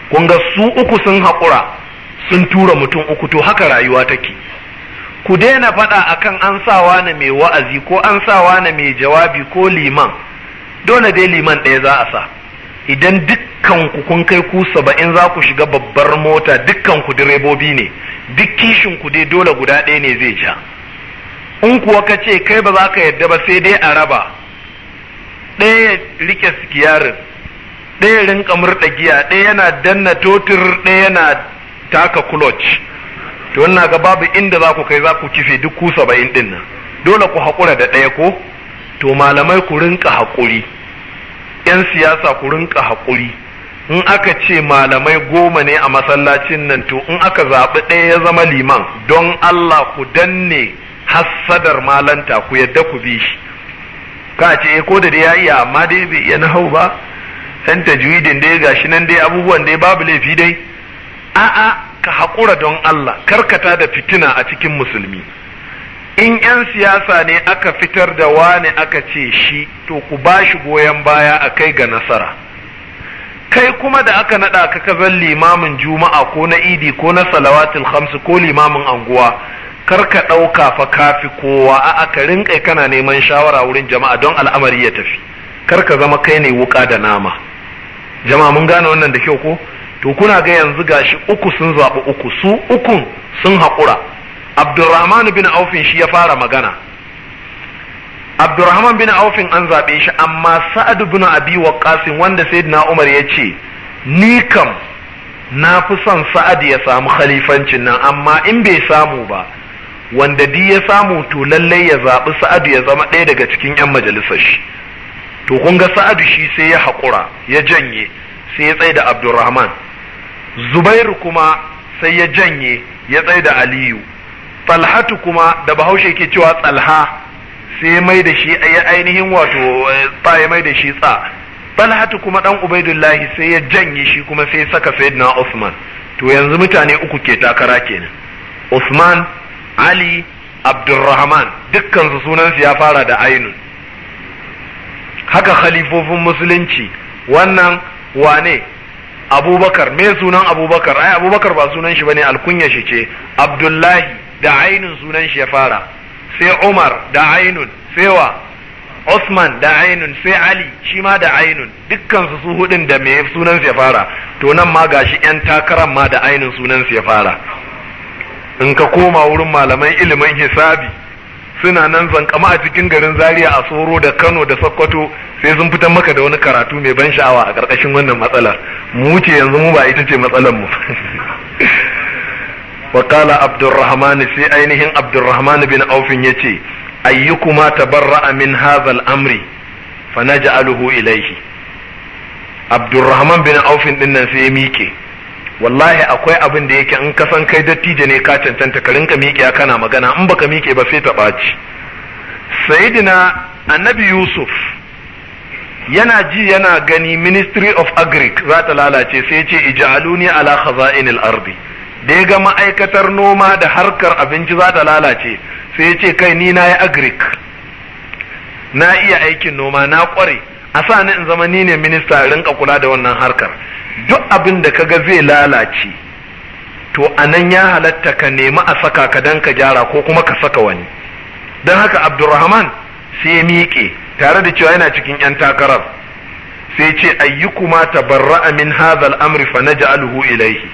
kun ga su uku sun haƙura sun tura mutum uku to haka rayuwa take ku daina faɗa akan an sawa na mai wa'azi ko an wa na mai jawabi ko liman dole dai liman ɗaya za a sa idan dukkan ku kun kai ku saba'in za ku shiga babbar mota dukkan ku direbobi ne duk kishin ku dai dole guda ɗaya ne zai ja in kuwa ka ce kai ba za ka yadda ba sai dai a raba ɗaya rike sikiyarin ɗaya rinka murɗa giya ɗaya yana danna totir ɗaya yana taka clutch to wannan ga babu inda za ku kai za ku kife duk ku saba'in ɗin nan dole ku haƙura da ɗaya ko to malamai ku rinka haƙuri 'yan siyasa ku rinka haƙuri in aka ce malamai goma ne a masallacin nan to in aka zaɓi ɗaya ya zama liman don Allah ku danne hassadar malanta ku yadda ku bi shi ka ce eh, ko da ya iya amma dai bai iya na hau ba san tajwidin dai gashi nan dai abubuwan dai babu laifi dai a'a ka haƙura don Allah karkata da fitina a cikin musulmi in 'yan siyasa ne aka fitar da wani aka ce shi to ku ba shi goyon baya a kai ga nasara kai kuma da aka naɗa ka kazan limamin juma'a ko na idi ko na salawatul khamsu ko limamin anguwa kar ka ɗauka fa kafi kowa a aka rinƙai kana neman shawara wurin jama'a don al'amari ya tafi kar ka zama kai ne wuƙa da nama jama'a mun gane wannan da kyau ko to kuna ga yanzu gashi uku sun zaɓi uku su ukun sun haƙura abdurrahman bin aufin shi ya fara magana abdurrahman bin aufin an zaɓe shi amma sa'ad bin abi waqasin wanda sayyidina umar ya ce ni kam na fi son sa'ad ya samu khalifancin nan amma in bai samu ba wanda di ya samu to lallai ya zaɓi sa'ad ya zama ɗaya daga cikin 'yan majalisar shi to kun ga sa'adu shi sai ya haƙura ya janye sai ya tsaye da abdurrahman zubairu kuma sai ya janye ya tsaye da aliyu talhatu kuma da bahaushe ke cewa tsalha sai mai da shi ya ainihin wato eh, ta ya mai da shi tsa talhatu kuma dan ubaidullahi sai ya janye shi kuma sai ya saka sayyidina usman to yanzu mutane uku ke takara kenan usman ali abdurrahman dukkan su sunan su ya fara da ainun haka khalifofin musulunci wannan wane abubakar me sunan abubakar ai abubakar ba sunan shi bane alkunya shi ce abdullahi da ainun sunan shi ya fara sai umar da ainun sai wa Osman da ainun sai Ali shi ma da ainun dukkansu su hudun da me sunan ya fara to nan ma gashi yan takaran ma da ainun sunan ya fara in ka koma wurin malaman ilimin hisabi suna nan zankama a cikin garin zaria a soro da kano da sokoto sai sun fitan maka da wani karatu mai ban sha'awa a ƙarƙashin wannan matsalar mu wuce yanzu mu ba ita ce matsalar mu wa qala abdurrahman sai ainihin abdurrahman bin aufin yace ayyukuma tabarra'a min hadha al-amri naj'aluhu ilayhi abdurrahman bin aufin din sai ya mike wallahi akwai abin da yake in kasan kai dattijo ne ka cancanta ka rinka miƙe kana magana in baka miƙe ba sai ta ɓaci sayidina annabi yusuf yana ji yana gani ministry of agric za ta lalace sai ce ij'aluni ala khaza'inil ardi da ya ga ma'aikatar noma da harkar abinci za ta lalace sai ce kai ni na yi agric na iya aikin noma na kware a sa ni in zama ni ne minista rinka kula da wannan harkar duk abin da kaga zai lalace to anan ya halatta ka nemi a saka ka dan ka gyara ko kuma ka saka wani don haka abdurrahman sai ya miƙe tare da cewa yana cikin 'yan takarar sai ce ayyukuma tabarra'a min hadha amri fa naj'aluhu ilayhi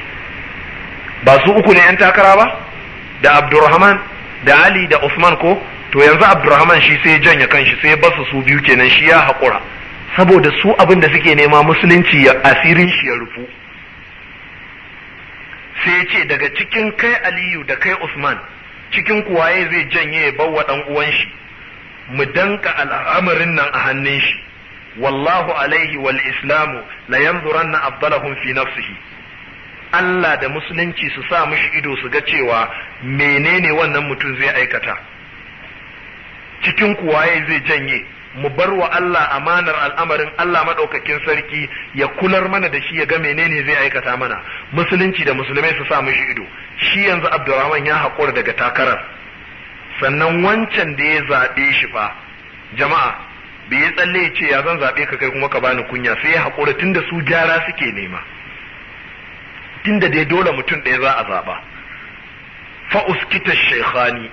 ba su uku ne 'yan takara ba da abdurrahman da ali da usman ko to yanzu abdurrahman shi sai janye kanshi sai basa su biyu kenan shi ya haƙura saboda su abin da suke nema musulunci ya asirin shi ya rufu sai ya ce daga cikin kai aliyu da kai usman cikin kuwaye zai janye ya bawa ɗan uwan shi mu danka al'amarin nan a hannun shi wallahu alaihi wal islamu la yanzuranna afdalahum fi nafsihi Allah da musulunci su sa mishi ido su ga cewa menene wannan mutum zai aikata cikin kuwaye zai janye mu bar wa Allah amanar al'amarin Allah madaukakin sarki ya kular mana da shi ya ga menene zai aikata mana musulunci da musulmai su sa mishi ido shi yanzu Abdurrahman ya haƙura daga takarar sannan wancan da ya zaɓe shi fa jama'a bai ya tsalle ya ce ya zan zaɓe ka kai kuma ka bani kunya sai ya haƙura tunda su gyara suke nema tunda dai dole mutum ɗaya za a zaɓa fa uskita Shekhani.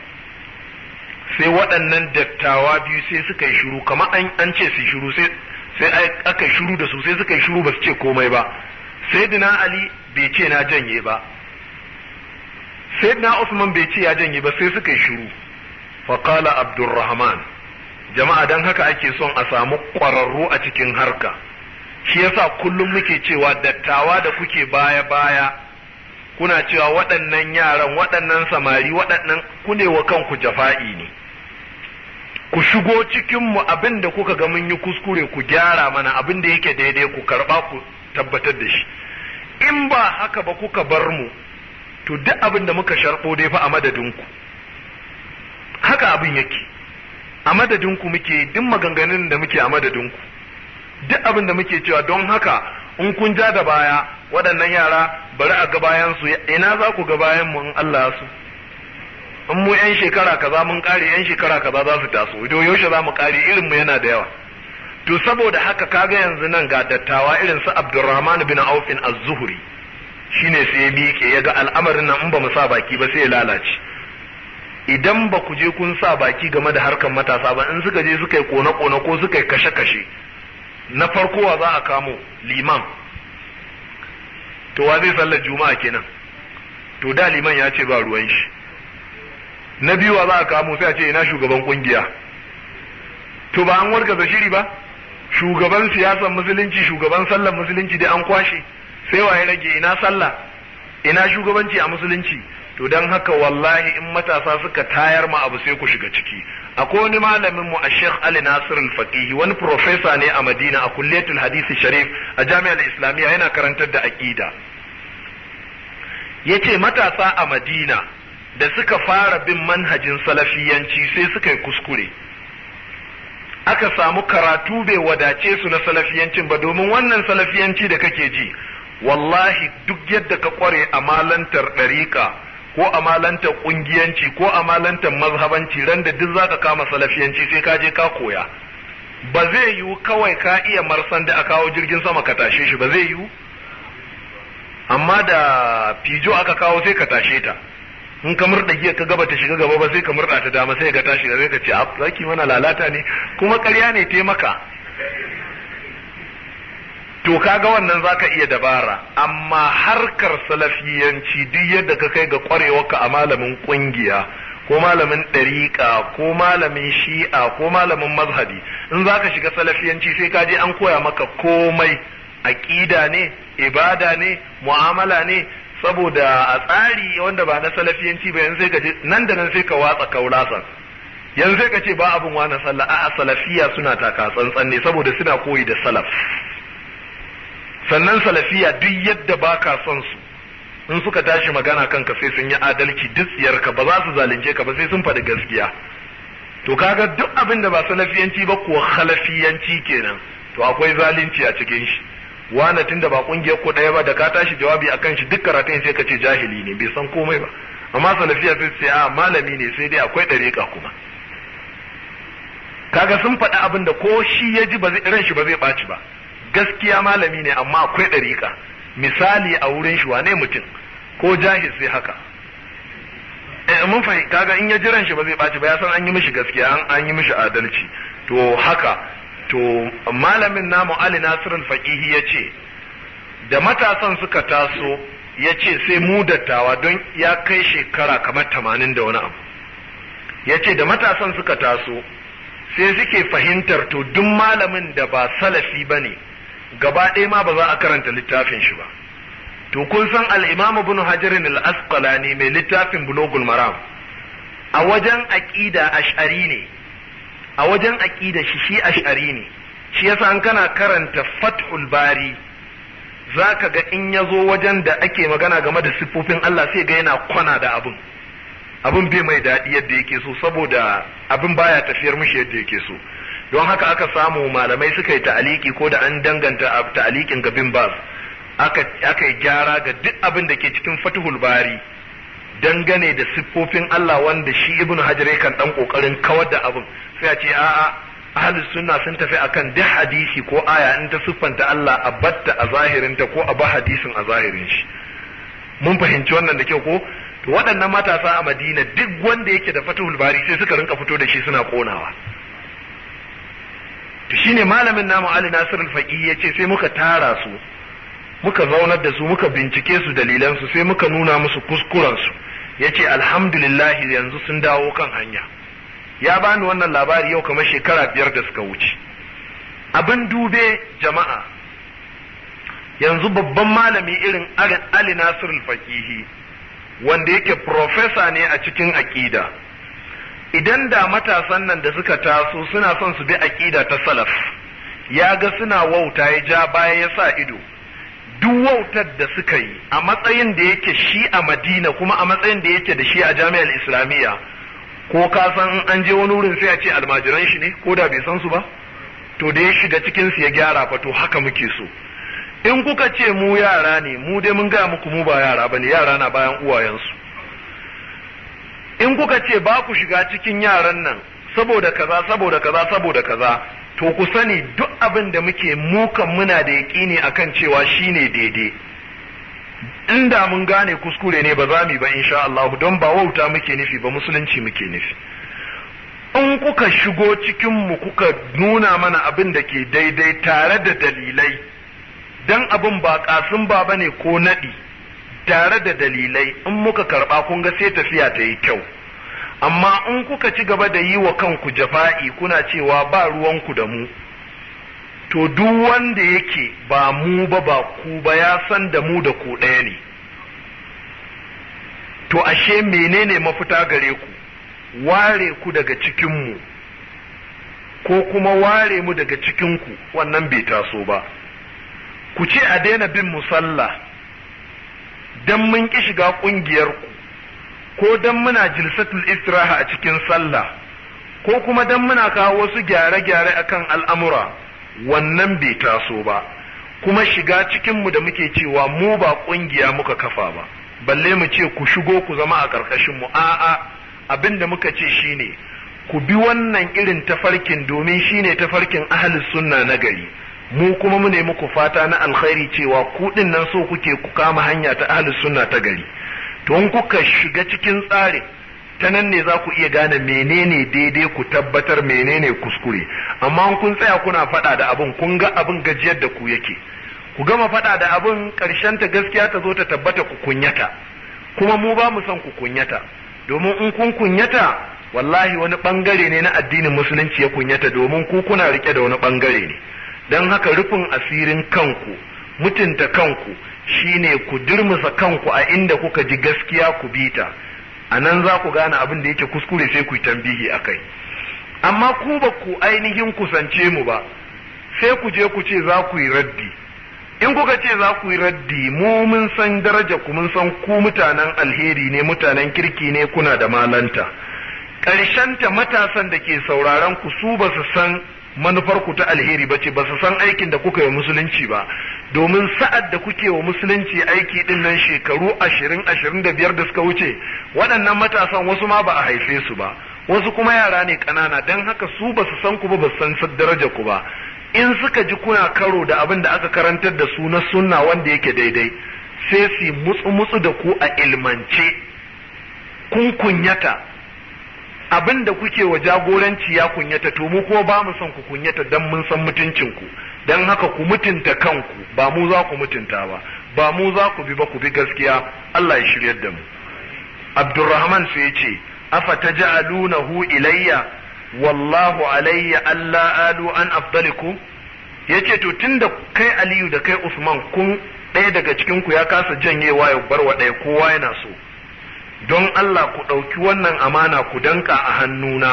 sai waɗannan dattawa biyu sai suka yi shiru kamar an ce su shiru sai aka yi shiru da su sai suka yi shiru ba su ce komai ba dina ali bai ce na janye ba dina usman bai ce ya janye ba sai suka yi shiru faƙala abdurrahman jama'a don haka ake son a samu ƙwararru a cikin harka shi yasa kullum muke cewa dattawa da kuke baya baya kuna cewa waɗannan yaran waɗannan samari waɗannan ku ne wa kanku jafa'i ne ku shigo cikinmu abin da kuka ga mun yi kuskure ku gyara mana abin da yake daidai ku karɓa ku tabbatar da shi in ba haka ba kuka bar mu to duk abin da muka sharɓo dai fa a madadinku haka abin yake a madadinku muke duk maganganun da muke a madadinku duk abin da muke cewa don haka in kun ja da baya waɗannan yara bari a ga bayan su ina za ku ga bayan mu in Allah su in mu yan shekara kaza mun kare yan shekara kaza za su taso Do yaushe za mu kare irin mu yana da yawa to saboda haka kaga yanzu nan ga dattawa irin su Abdurrahman bin Auf az-Zuhri shine sai ya bike ya ga al'amarin nan in ba mu sa baki ba sai ya lalace idan ba ku je kun sa baki game da harkar matasa ba in suka je suka yi kona kone ko suka yi kashe-kashe na farko wa za a kamo liman to wa zai sallar juma'a kenan to da liman ya ce ba ruwan shi na biyu wa za a kamo sai a ce ina shugaban kungiya to ba an wargaza shiri ba shugaban siyasar musulunci shugaban sallar musulunci dai an kwashe sai wa ya rage ina sallah ina shugabanci a musulunci to don haka wallahi in matasa suka tayar ma abu sai ku shiga ciki akwai wani malamin mu a Sheikh Ali Nasir al-Faqihi wani professor ne a Madina a kulliyatul hadisi sharif a jami'ar Islamiyya yana karantar da aqida yace matasa a Madina da suka fara bin manhajin salafiyanci sai suka yi kuskure aka samu karatu bai wadace su na salafiyancin ba domin wannan salafiyanci da kake ji wallahi duk yadda ka kware a malantar ɗariƙa ko amalantar kungiyanci ko amalantar mazhabanci ran da duk zaka kama salafiyanci sai ka je ka koya ba zai yiwu kawai ka iya marsan da a kawo jirgin sama ka tashe shi ba zai yiwu amma da fijo aka kawo sai ka tashe ta in ka murda giya ka gaba ta shiga gaba ba sai ka murda ta dama sai ka tashi zai ka ce a zaki mana lalata ne kuma ƙarya ne taimaka to kaga wannan zaka iya dabara amma harkar salafiyanci duk yadda ka kai ga ka a malamin kungiya ko malamin ɗariƙa ko malamin shi'a ko malamin mazhabi in zaka shiga salafiyanci sai ka je an koya maka komai aƙida ne ibada ne mu'amala ne saboda a tsari wanda ba na salafiyanci ba yanzu ka nan da nan sai ka watsa kaurasa yanzu ka ce ba abin wa na sallah a salafiya suna taka tsantsan ne saboda suna koyi da salaf sannan salafiya duk yadda ba ka son su in suka tashi magana kanka sai sun yi adalci duk ka ba za su zalunce ka ba sai sun faɗi gaskiya to kaga duk abin da ba salafiyanci ba ko halafiyanci kenan to akwai zalunci a cikin shi wani tunda ba kungiyar ko ɗaya ba da ka tashi jawabi a kan shi duk karatun sai ka ce jahili ne bai san komai ba amma salafiya sai sai a malami ne sai dai akwai ɗariƙa kuma kaga sun faɗi abin da ko shi ya ji ba ran shi ba zai ɓaci ba gaskiya malami ne amma akwai ɗariƙa misali a wurin shi wane mutum ko jahil sai haka eh, mun fahim kaga in ya jiran shi ba zai ɓaci ba ya san an yi mishi gaskiya an yi mishi adalci to haka to malamin namu Ali Nasirin Faƙihi ya ce da matasan suka taso ya ce sai mu dattawa don ya kai shekara kamar tamanin da wani abu ya ce da matasan suka taso sai suke fahimtar to duk malamin da ba salafi ba ne gaba ɗaya ma ba za a karanta littafin shi ba to kun san al’imam bin ibn hajarin al ne mai littafin bulogul maram a wajen aƙida ash'ari ne a wajen aƙida shi shi ash'ari ne shi yasa an kana karanta fat'ul bari ka ga in ya zo wajen da ake magana game da siffofin Allah sai ga yana kwana da abun abin bai mai daɗi yadda yake so saboda abin baya tafiyar mishi yadda yake so don haka aka samu malamai suka yi ta'aliki ko da an danganta ta'alikin ga bin bas aka yi gyara ga duk abin da ke cikin fatihul bari dangane da siffofin Allah wanda shi ibnu hajar kan dan kokarin kawar da abin sai a ce a'a ahlus sunna sun tafi akan duk hadisi ko aya in ta siffanta Allah a batta a zahirin ta ko a ba hadisin a zahirin shi mun fahimci wannan da kyau ko to waɗannan matasa a Madina duk wanda yake da fatihul bari sai suka rinka fito da shi suna konawa to shine malamin namu Ali Nasir al-Faqi yace sai muka tara su muka zaunar da su muka bincike su dalilan su sai muka nuna musu kuskuren su yace alhamdulillah yanzu sun dawo kan hanya ya bani wannan labari yau kamar shekara biyar da suka wuce abin dube jama'a yanzu babban malami irin Ali Nasir al-Faqihi wanda yake profesa ne a cikin aƙida idan da matasan nan da suka taso suna son su bi aƙida ta salaf ya ga suna wauta ya ja baya ya sa ido duk wautar da suka yi a matsayin da yake shi a madina kuma a matsayin da yake da shi a jami'ar islamiyya ko ka san an je wani wurin sai a ce almajiran shi ne ko da bai san su ba to da ya shiga cikin su ya gyara fa to haka muke so in kuka ce mu yara ne mu dai mun gaya muku mu ba yara bane yara na bayan uwayensu in kuka ce ba ku shiga cikin yaran nan saboda kaza saboda kaza saboda kaza to ku sani duk abin da muke mukan muna da yaƙini akan cewa shine daidai inda mun gane kuskure ne ba za mu ba insha Allah don ba wauta muke nufi ba musulunci muke nufi in kuka shigo cikin mu kuka nuna mana abin da ke daidai tare da dalilai dan abin ba kasin ba bane ko nadi tare da dalilai in muka karba kun ga sai tafiya ta yi kyau amma in kuka ci gaba da yi wa kanku jafa'i kuna cewa ba ruwanku da mu to duk wanda yake ba mu ba ba ku ba ya san da mu da ku ɗaya ne to ashe menene mafita gare ku ware ku daga cikin mu ko kuma ware mu daga cikin ku wannan bai taso ba ku ce a daina bin musalla dan mun ki shiga kungiyar ku ko dan muna jilsatul istiraha a cikin sallah ko kuma dan muna kawo wasu gyare-gyare akan al'amura wannan bai taso ba kuma shiga cikinmu da muke cewa mu ba kungiya muka kafa ba balle mu ce ku shigo ku zama a ƙarƙashin mu a'a abin da muka ce shine ku bi wannan irin tafarkin domin shine tafarkin ahlus sunna na gari mu kuma mu ne ku fata na alkhairi cewa ku din nan so kuke ku kama hanya ta ahlus sunna ta gari to in kuka shiga cikin tsarin ta nan ne za ku iya gane menene daidai ku tabbatar menene kuskure amma kun tsaya kuna faɗa da abin kun ga abin gajiyar da ku yake ku gama faɗa da abin karshen ta gaskiya ta zo ta tabbata ku kunyata kuma mu ba mu son ku kunyata domin in kun kunyata wallahi wani bangare ne na addinin musulunci ya kunyata domin ku kuna rike da wani bangare ne don haka rufin asirin kanku mutunta kanku shine ku durmusa kanku a inda kuka ji gaskiya ku bita a nan za ku gane abin da yake kuskure sai ku yi tambihi a kai amma ku ba ku ainihin kusance mu ba sai ku je ku ce za ku yi raddi in kuka ce za ku yi raddi mu mun san daraja ku mun san ku mutanen alheri ne mutanen kirki ne kuna da malanta ta matasan da ke sauraron ku su ba su san manufar ku ta alheri ba ce ba su san aikin da kuka yi musulunci ba domin sa'ad da kuke wa musulunci aiki din nan shekaru ashirin ashirin da biyar da suka wuce waɗannan matasan wasu ma ba a haife su ba wasu kuma yara ne ƙanana don haka su ba su san ku ba ba su san daraja ku ba in suka ji kuna karo da abin da aka karantar da su na sunna wanda yake daidai sai su mutsu mutsu da ku a ilmance kun kunyata abin da kuke wa jagoranci ya kunyata to mu ko ba mu son ku kunyata dan mun san mutuncin ku dan haka ku mutunta kanku ba mu za ku mutunta ba ba mu za ku bi ba ku bi gaskiya Allah ya shiryar da mu Abdurrahman sai ya ce afa taj'alunahu ilayya wallahu alayya alla adu an afdalikum yace to tunda kai Aliyu da kai Usman kun ɗaya daga cikin ku ya kasa janyewa ya bar wa ɗaya kowa yana so don Allah ku ɗauki wannan amana ku danka a hannuna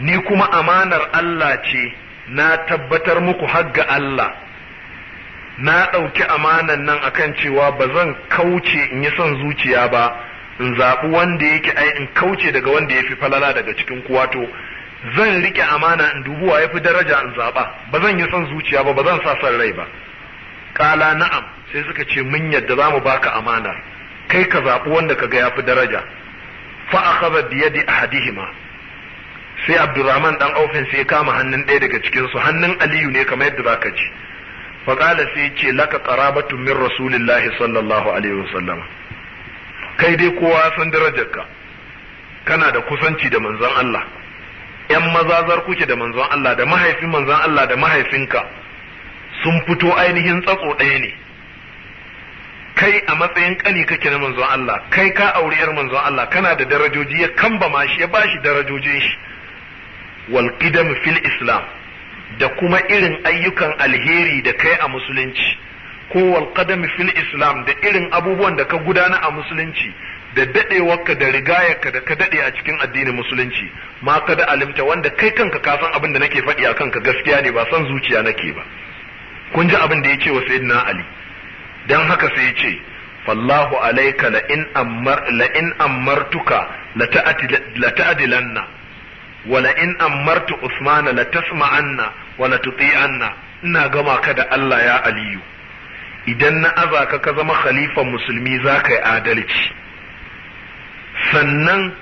ni kuma amanar Allah ce na tabbatar muku hagga Allah na ɗauki amanan nan akan cewa ba zan kauce in yi son zuciya ba in zaɓi wanda yake ai in kauce daga wanda ya fi falala daga cikin kuwato zan riƙe amana in dubuwa ya fi daraja in zaɓa ba zan yi son zuciya ba ba zan sa son rai ba kala na'am sai suka ce mun yadda za mu baka amana. kai ka zaɓi wanda ka ga ya fi daraja fa akhadha bi yadi ahadihima sai Abdurrahman dan Aufin sai ya kama hannun ɗaya daga cikin su hannun Aliyu ne kamar yadda zaka ji fa qala sai ce laka qarabatu min rasulillahi sallallahu alaihi wasallam kai dai kowa san darajarka kana da kusanci da manzon Allah ‘yan mazazar kuke da manzon Allah da mahaifin manzon Allah da mahaifinka sun fito ainihin tsatso ɗaya ne, kai a matsayin kani kake na manzon Allah kai ka aure yar manzon Allah kana da darajoji ya ma shi ya bashi darajojin shi wal qidam fil islam da kuma irin ayyukan alheri da kai a musulunci ko wal qadam fil islam da irin abubuwan da ka gudana a musulunci da dadewarka da rigayarka da ka dade a cikin addinin musulunci ma ka da alimta wanda kai kanka ka san abin da nake faɗi a kanka gaskiya ne ba san zuciya nake ba kun ji abin da yake wa sayyidina ali don haka sai ce fallahu alaika la'in in ammar la ammartuka la ta'dilanna wa la in ammartu usmana la tasma'anna wa la tuti'anna ina gama ka da Allah ya aliyu idan na aza ka ka zama khalifan musulmi za ka yi adalci sannan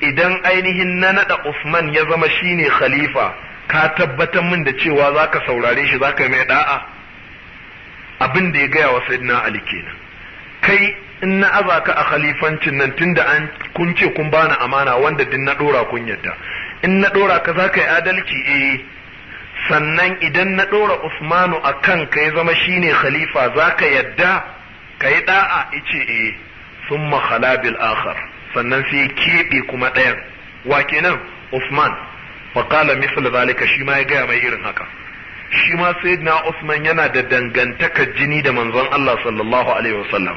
idan ainihin na naɗa Usman ya zama shine khalifa ka tabbatar min da cewa za ka saurare shi za ka mai da'a abin da ya gaya wa sayyidina ali kenan kai in na aza ka a khalifancin nan tunda an kun ce kun bani amana wanda din na dora kun yadda in na dora ka za ka yi adalci eh sannan idan na dora usmanu a kan ka ya zama shine khalifa za ka yadda ka yi da'a ice eh sun mahala bil akhar sannan sai keɓe kuma ɗayan wa kenan usman wa kala misal zalika shi ma ya gaya mai irin haka shi ma sayyidina Usman yana da dangantaka jini da manzon Allah sallallahu alaihi wasallam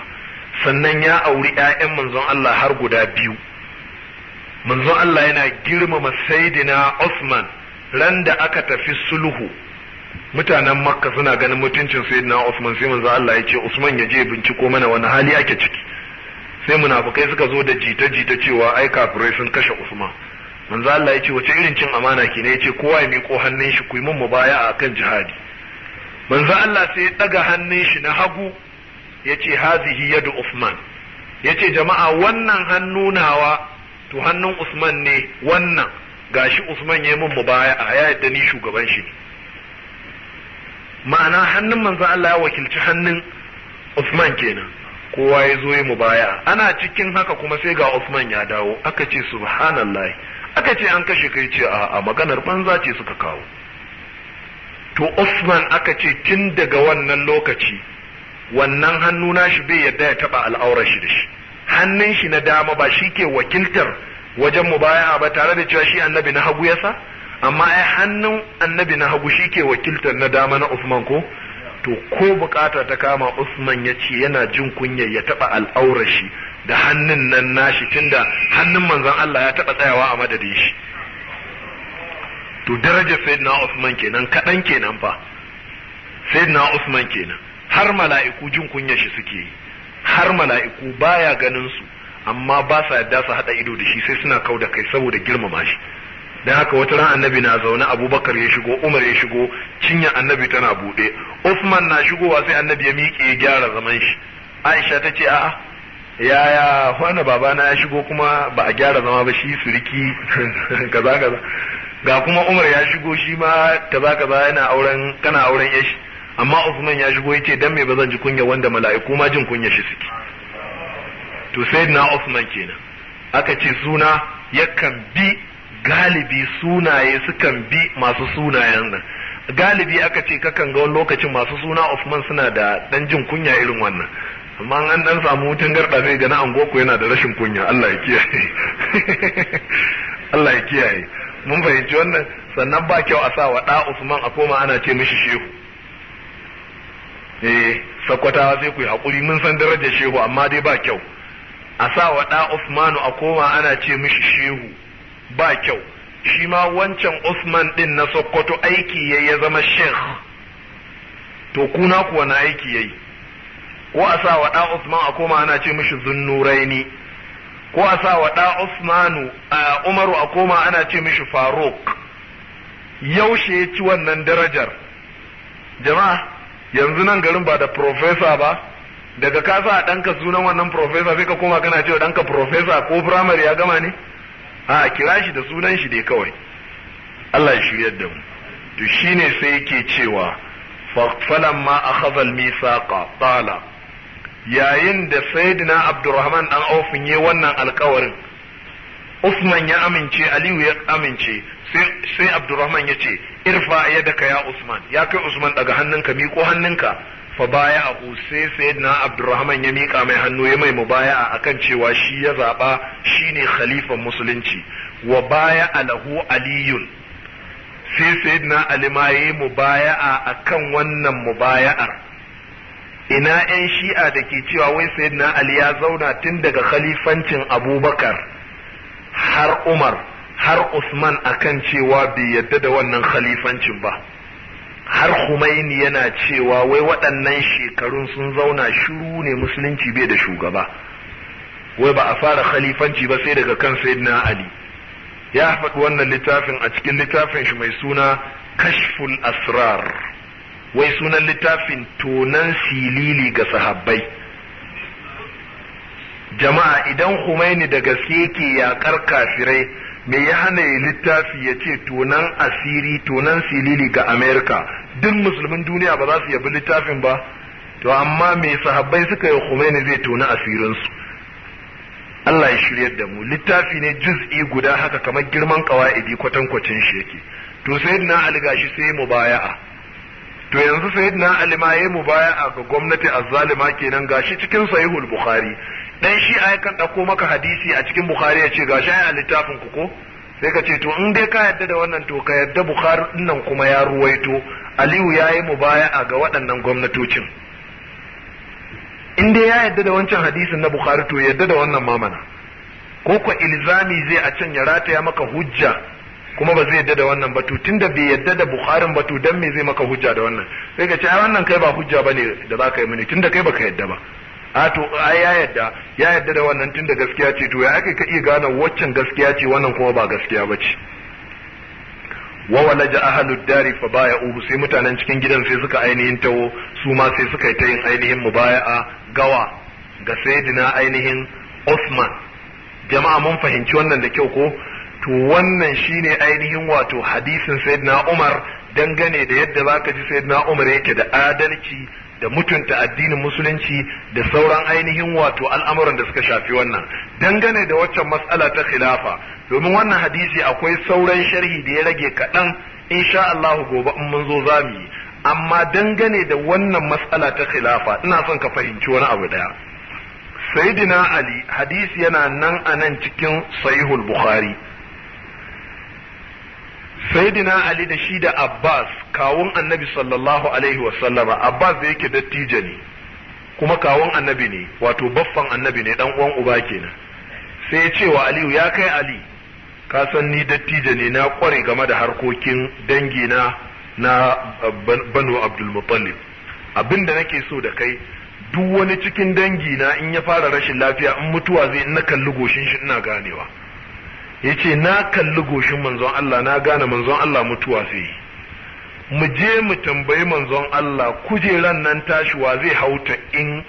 sannan ya auri ƴaƴan manzon Allah har guda biyu manzon Allah yana girmama sayyidina Usman ran da aka tafi sulhu mutanen makka suna ganin mutuncin sayyidina Usman sai manzon Allah ya ce Usman ya je binciko mana wani hali ake ciki sai munafukai suka zo da jita-jita cewa ai kafirai sun kashe Usman manzo Allah yace wace irin cin amana ke ne yace kowa ya miƙo hannun shi ku yi mun mubaya'a kan jihadi manzo Allah sai ya daga hannun shi na hagu yace hazihi yadu Uthman yace jama'a wannan hannu nawa to hannun Usman ne wannan gashi Usman ya mun mubaya'a ya yadda ni shugaban shi ma'ana hannun manzo Allah ya wakilci hannun Usman kenan kowa ya zo yi mubaya ana cikin haka kuma sai ga Usman ya dawo aka ce subhanallahi aka ce an kashe kai ce a maganar banza ce suka kawo to Usman aka ce tun daga wannan lokaci wannan hannu nashi bai yadda ya taba al'aurar shi da shi hannun shi na dama ba shi ke wakiltar wajen baya ba tare da cewa shi annabi na hagu yasa amma ai hannun annabi na hagu shi ke wakiltar na dama na Usman ko to ko bukata ta kama Usman ya ce yana jin kunya ya taba al'aurar shi da hannun nan nashi tunda hannun manzon Allah ya taɓa tsayawa a madadin shi to darajar sayyidina Usman kenan kaɗan kenan fa sayyidina Usman kenan har mala'iku jin kunyar shi suke yi har mala'iku baya ganin su amma ba sa yadda su haɗa ido da shi sai suna kau da kai saboda girmama shi dan haka wata ran annabi na zaune abubakar ya shigo umar ya shigo cinya annabi tana buɗe usman na shigowa sai annabi ya miƙe ya gyara zaman shi aisha ta ce a'a yaya wani babana ya shigo kuma ba a gyara zama ba shi suriki kaza kaza ga kuma umar ya shigo shi ma kaza kaza yana auren kana auren yashi amma usman ya shigo yace dan me bazan ji kunya wanda mala'iku ma jin kunya shi suke to sayyidina usman kenan aka ce suna yakan bi galibi sunaye sukan bi masu sunayen nan galibi aka ce kakan ga wani lokacin masu suna Usman suna da dan jin kunya irin wannan amma an dan samu wutan garda zai gana an goko yana da rashin kunya Allah ya kiyaye Allah ya kiyaye mun fahimci wannan sannan ba kyau a sa wa da Usman a koma ana ce mishi shehu eh sakwatawa sai ku yi hakuri mun san darajar shehu amma dai ba kyau a sa wa da usman a koma ana ce mishi shehu ba kyau shi ma wancan Usman din na Sokoto aiki yayi ya zama sheikh to kuna kuwa na aiki yayi ko a sa wa ɗa Usman a koma ana ce mishi zunnuraini ko a sa wa ɗa Usmanu a Umaru a koma ana ce mishi Faruk yaushe ya ci wannan darajar jama'a yanzu nan garin ba da profesa ba daga ka sa ɗanka sunan wannan profesa sai ka koma kana cewa ɗanka profesa ko firamare ya gama ne a kira shi da sunan shi dai kawai Allah ya shiryar da mu to shine sai yake cewa falamma akhadha al-misaqa qala yayin da sayyidina abdurrahman dan aufin wannan alkawarin usman ya amince aliyu ya amince sai abdurrahman ya ce irfa yadaka ya usman ya kai usman daga hannunka miƙo hannunka fa baya a sai sayyidina abdurrahman ya miƙa mai hannu ya mai mubaya'a akan cewa shi ya zaɓa shine khalifan musulunci wa baya alahu aliyun sai sayyidina ali ma yayi mubaya'a akan wannan mubaya'ar ina 'yan shi'a da ke cewa wai sayyidina ali ya zauna tun daga khalifancin abubakar har umar har usman akan cewa bai yadda da wannan khalifancin ba har Khumaini yana cewa wai waɗannan shekarun sun zauna shiru ne musulunci bai da shugaba wai ba a fara khalifanci ba sai daga kan sayyidina ali ya faɗi wannan littafin a cikin littafin shi mai suna kashful asrar wai sunan littafin tonan silili ga sahabbai jama'a idan Khomeini da gaske yake yakar kafirai me ya hana ya littafi ya ce tonan asiri tonan silili ga amerika duk musulmin duniya ba za su yabi littafin ba to amma me sahabbai suka yi Khomeini zai tona asirinsu Allah ya shiryar da mu littafi ne juz'i guda haka kamar girman kawa'idi kwatankwacin shi yake to sai na shi sai mubaya'a to yanzu sayyidina ali mu yayi a ga gwamnati azzalima kenan gashi cikin sahihul bukhari dan shi ai kan dauko maka hadisi a cikin bukhari ya ce gashi ai a littafin ku ko sai ka ce to in dai ka yadda da wannan to ka yadda bukhari dinnan kuma ya ruwaito aliyu yayi a ga waɗannan gwamnatocin in dai ya yadda da wancan hadisin na bukhari to yadda da wannan mamana ko ko ilzami zai a can ya rataya maka hujja kuma ba zai yadda da wannan ba to tunda bai yadda da bukharin ba to dan me zai maka hujja da wannan sai ka ce ai wannan kai ba hujja bane da zaka yi mini tunda kai baka yadda ba a to ai ya yadda ya yadda da wannan tunda gaskiya ce to ya ake ka iya gane waccan gaskiya ce wannan kuma ba gaskiya bace wa walaja ahlud dari fa ubu sai mutanen cikin gidan sai suka ainihin tawo su ma sai suka yi ta yin ainihin mubaya'a gawa ga sayyidina ainihin Osman jama'a mun fahimci wannan da kyau ko to wannan shine ainihin wato hadisin sayyidina Umar dangane da yadda zaka ji sayyidina Umar yake da adalci da mutunta addinin musulunci da sauran ainihin wato al'amuran da suka shafi wannan dangane da waccan mas'ala ta khilafa domin wannan hadisi akwai sauran sharhi da ya rage kaɗan insha Allah gobe in mun zo zamu yi amma dangane da wannan mas'ala ta khilafa ina son ka fahimci wani abu daya sayyidina ali hadisi yana nan anan cikin sahihul bukhari sayyidina ali da shi da abbas kawun annabi sallallahu alaihi wasallama abbas da yake dattijo ne kuma kawun annabi ne wato baffan annabi ne dan uwan uba kenan sai ya ce wa aliyu ya kai ali ka san ni dattijo ne na kware game da harkokin dangina na uh, na banu abdul muttalib abinda nake so da kai duk wani cikin dangi na in ya fara rashin lafiya in mutuwa zai in na kalli goshin shi ina ganewa yace na kalli goshin manzon Allah na gane manzon Allah mutuwa fi mu je mu tambayi manzon Allah kujeran nan tashi wa zai hauta in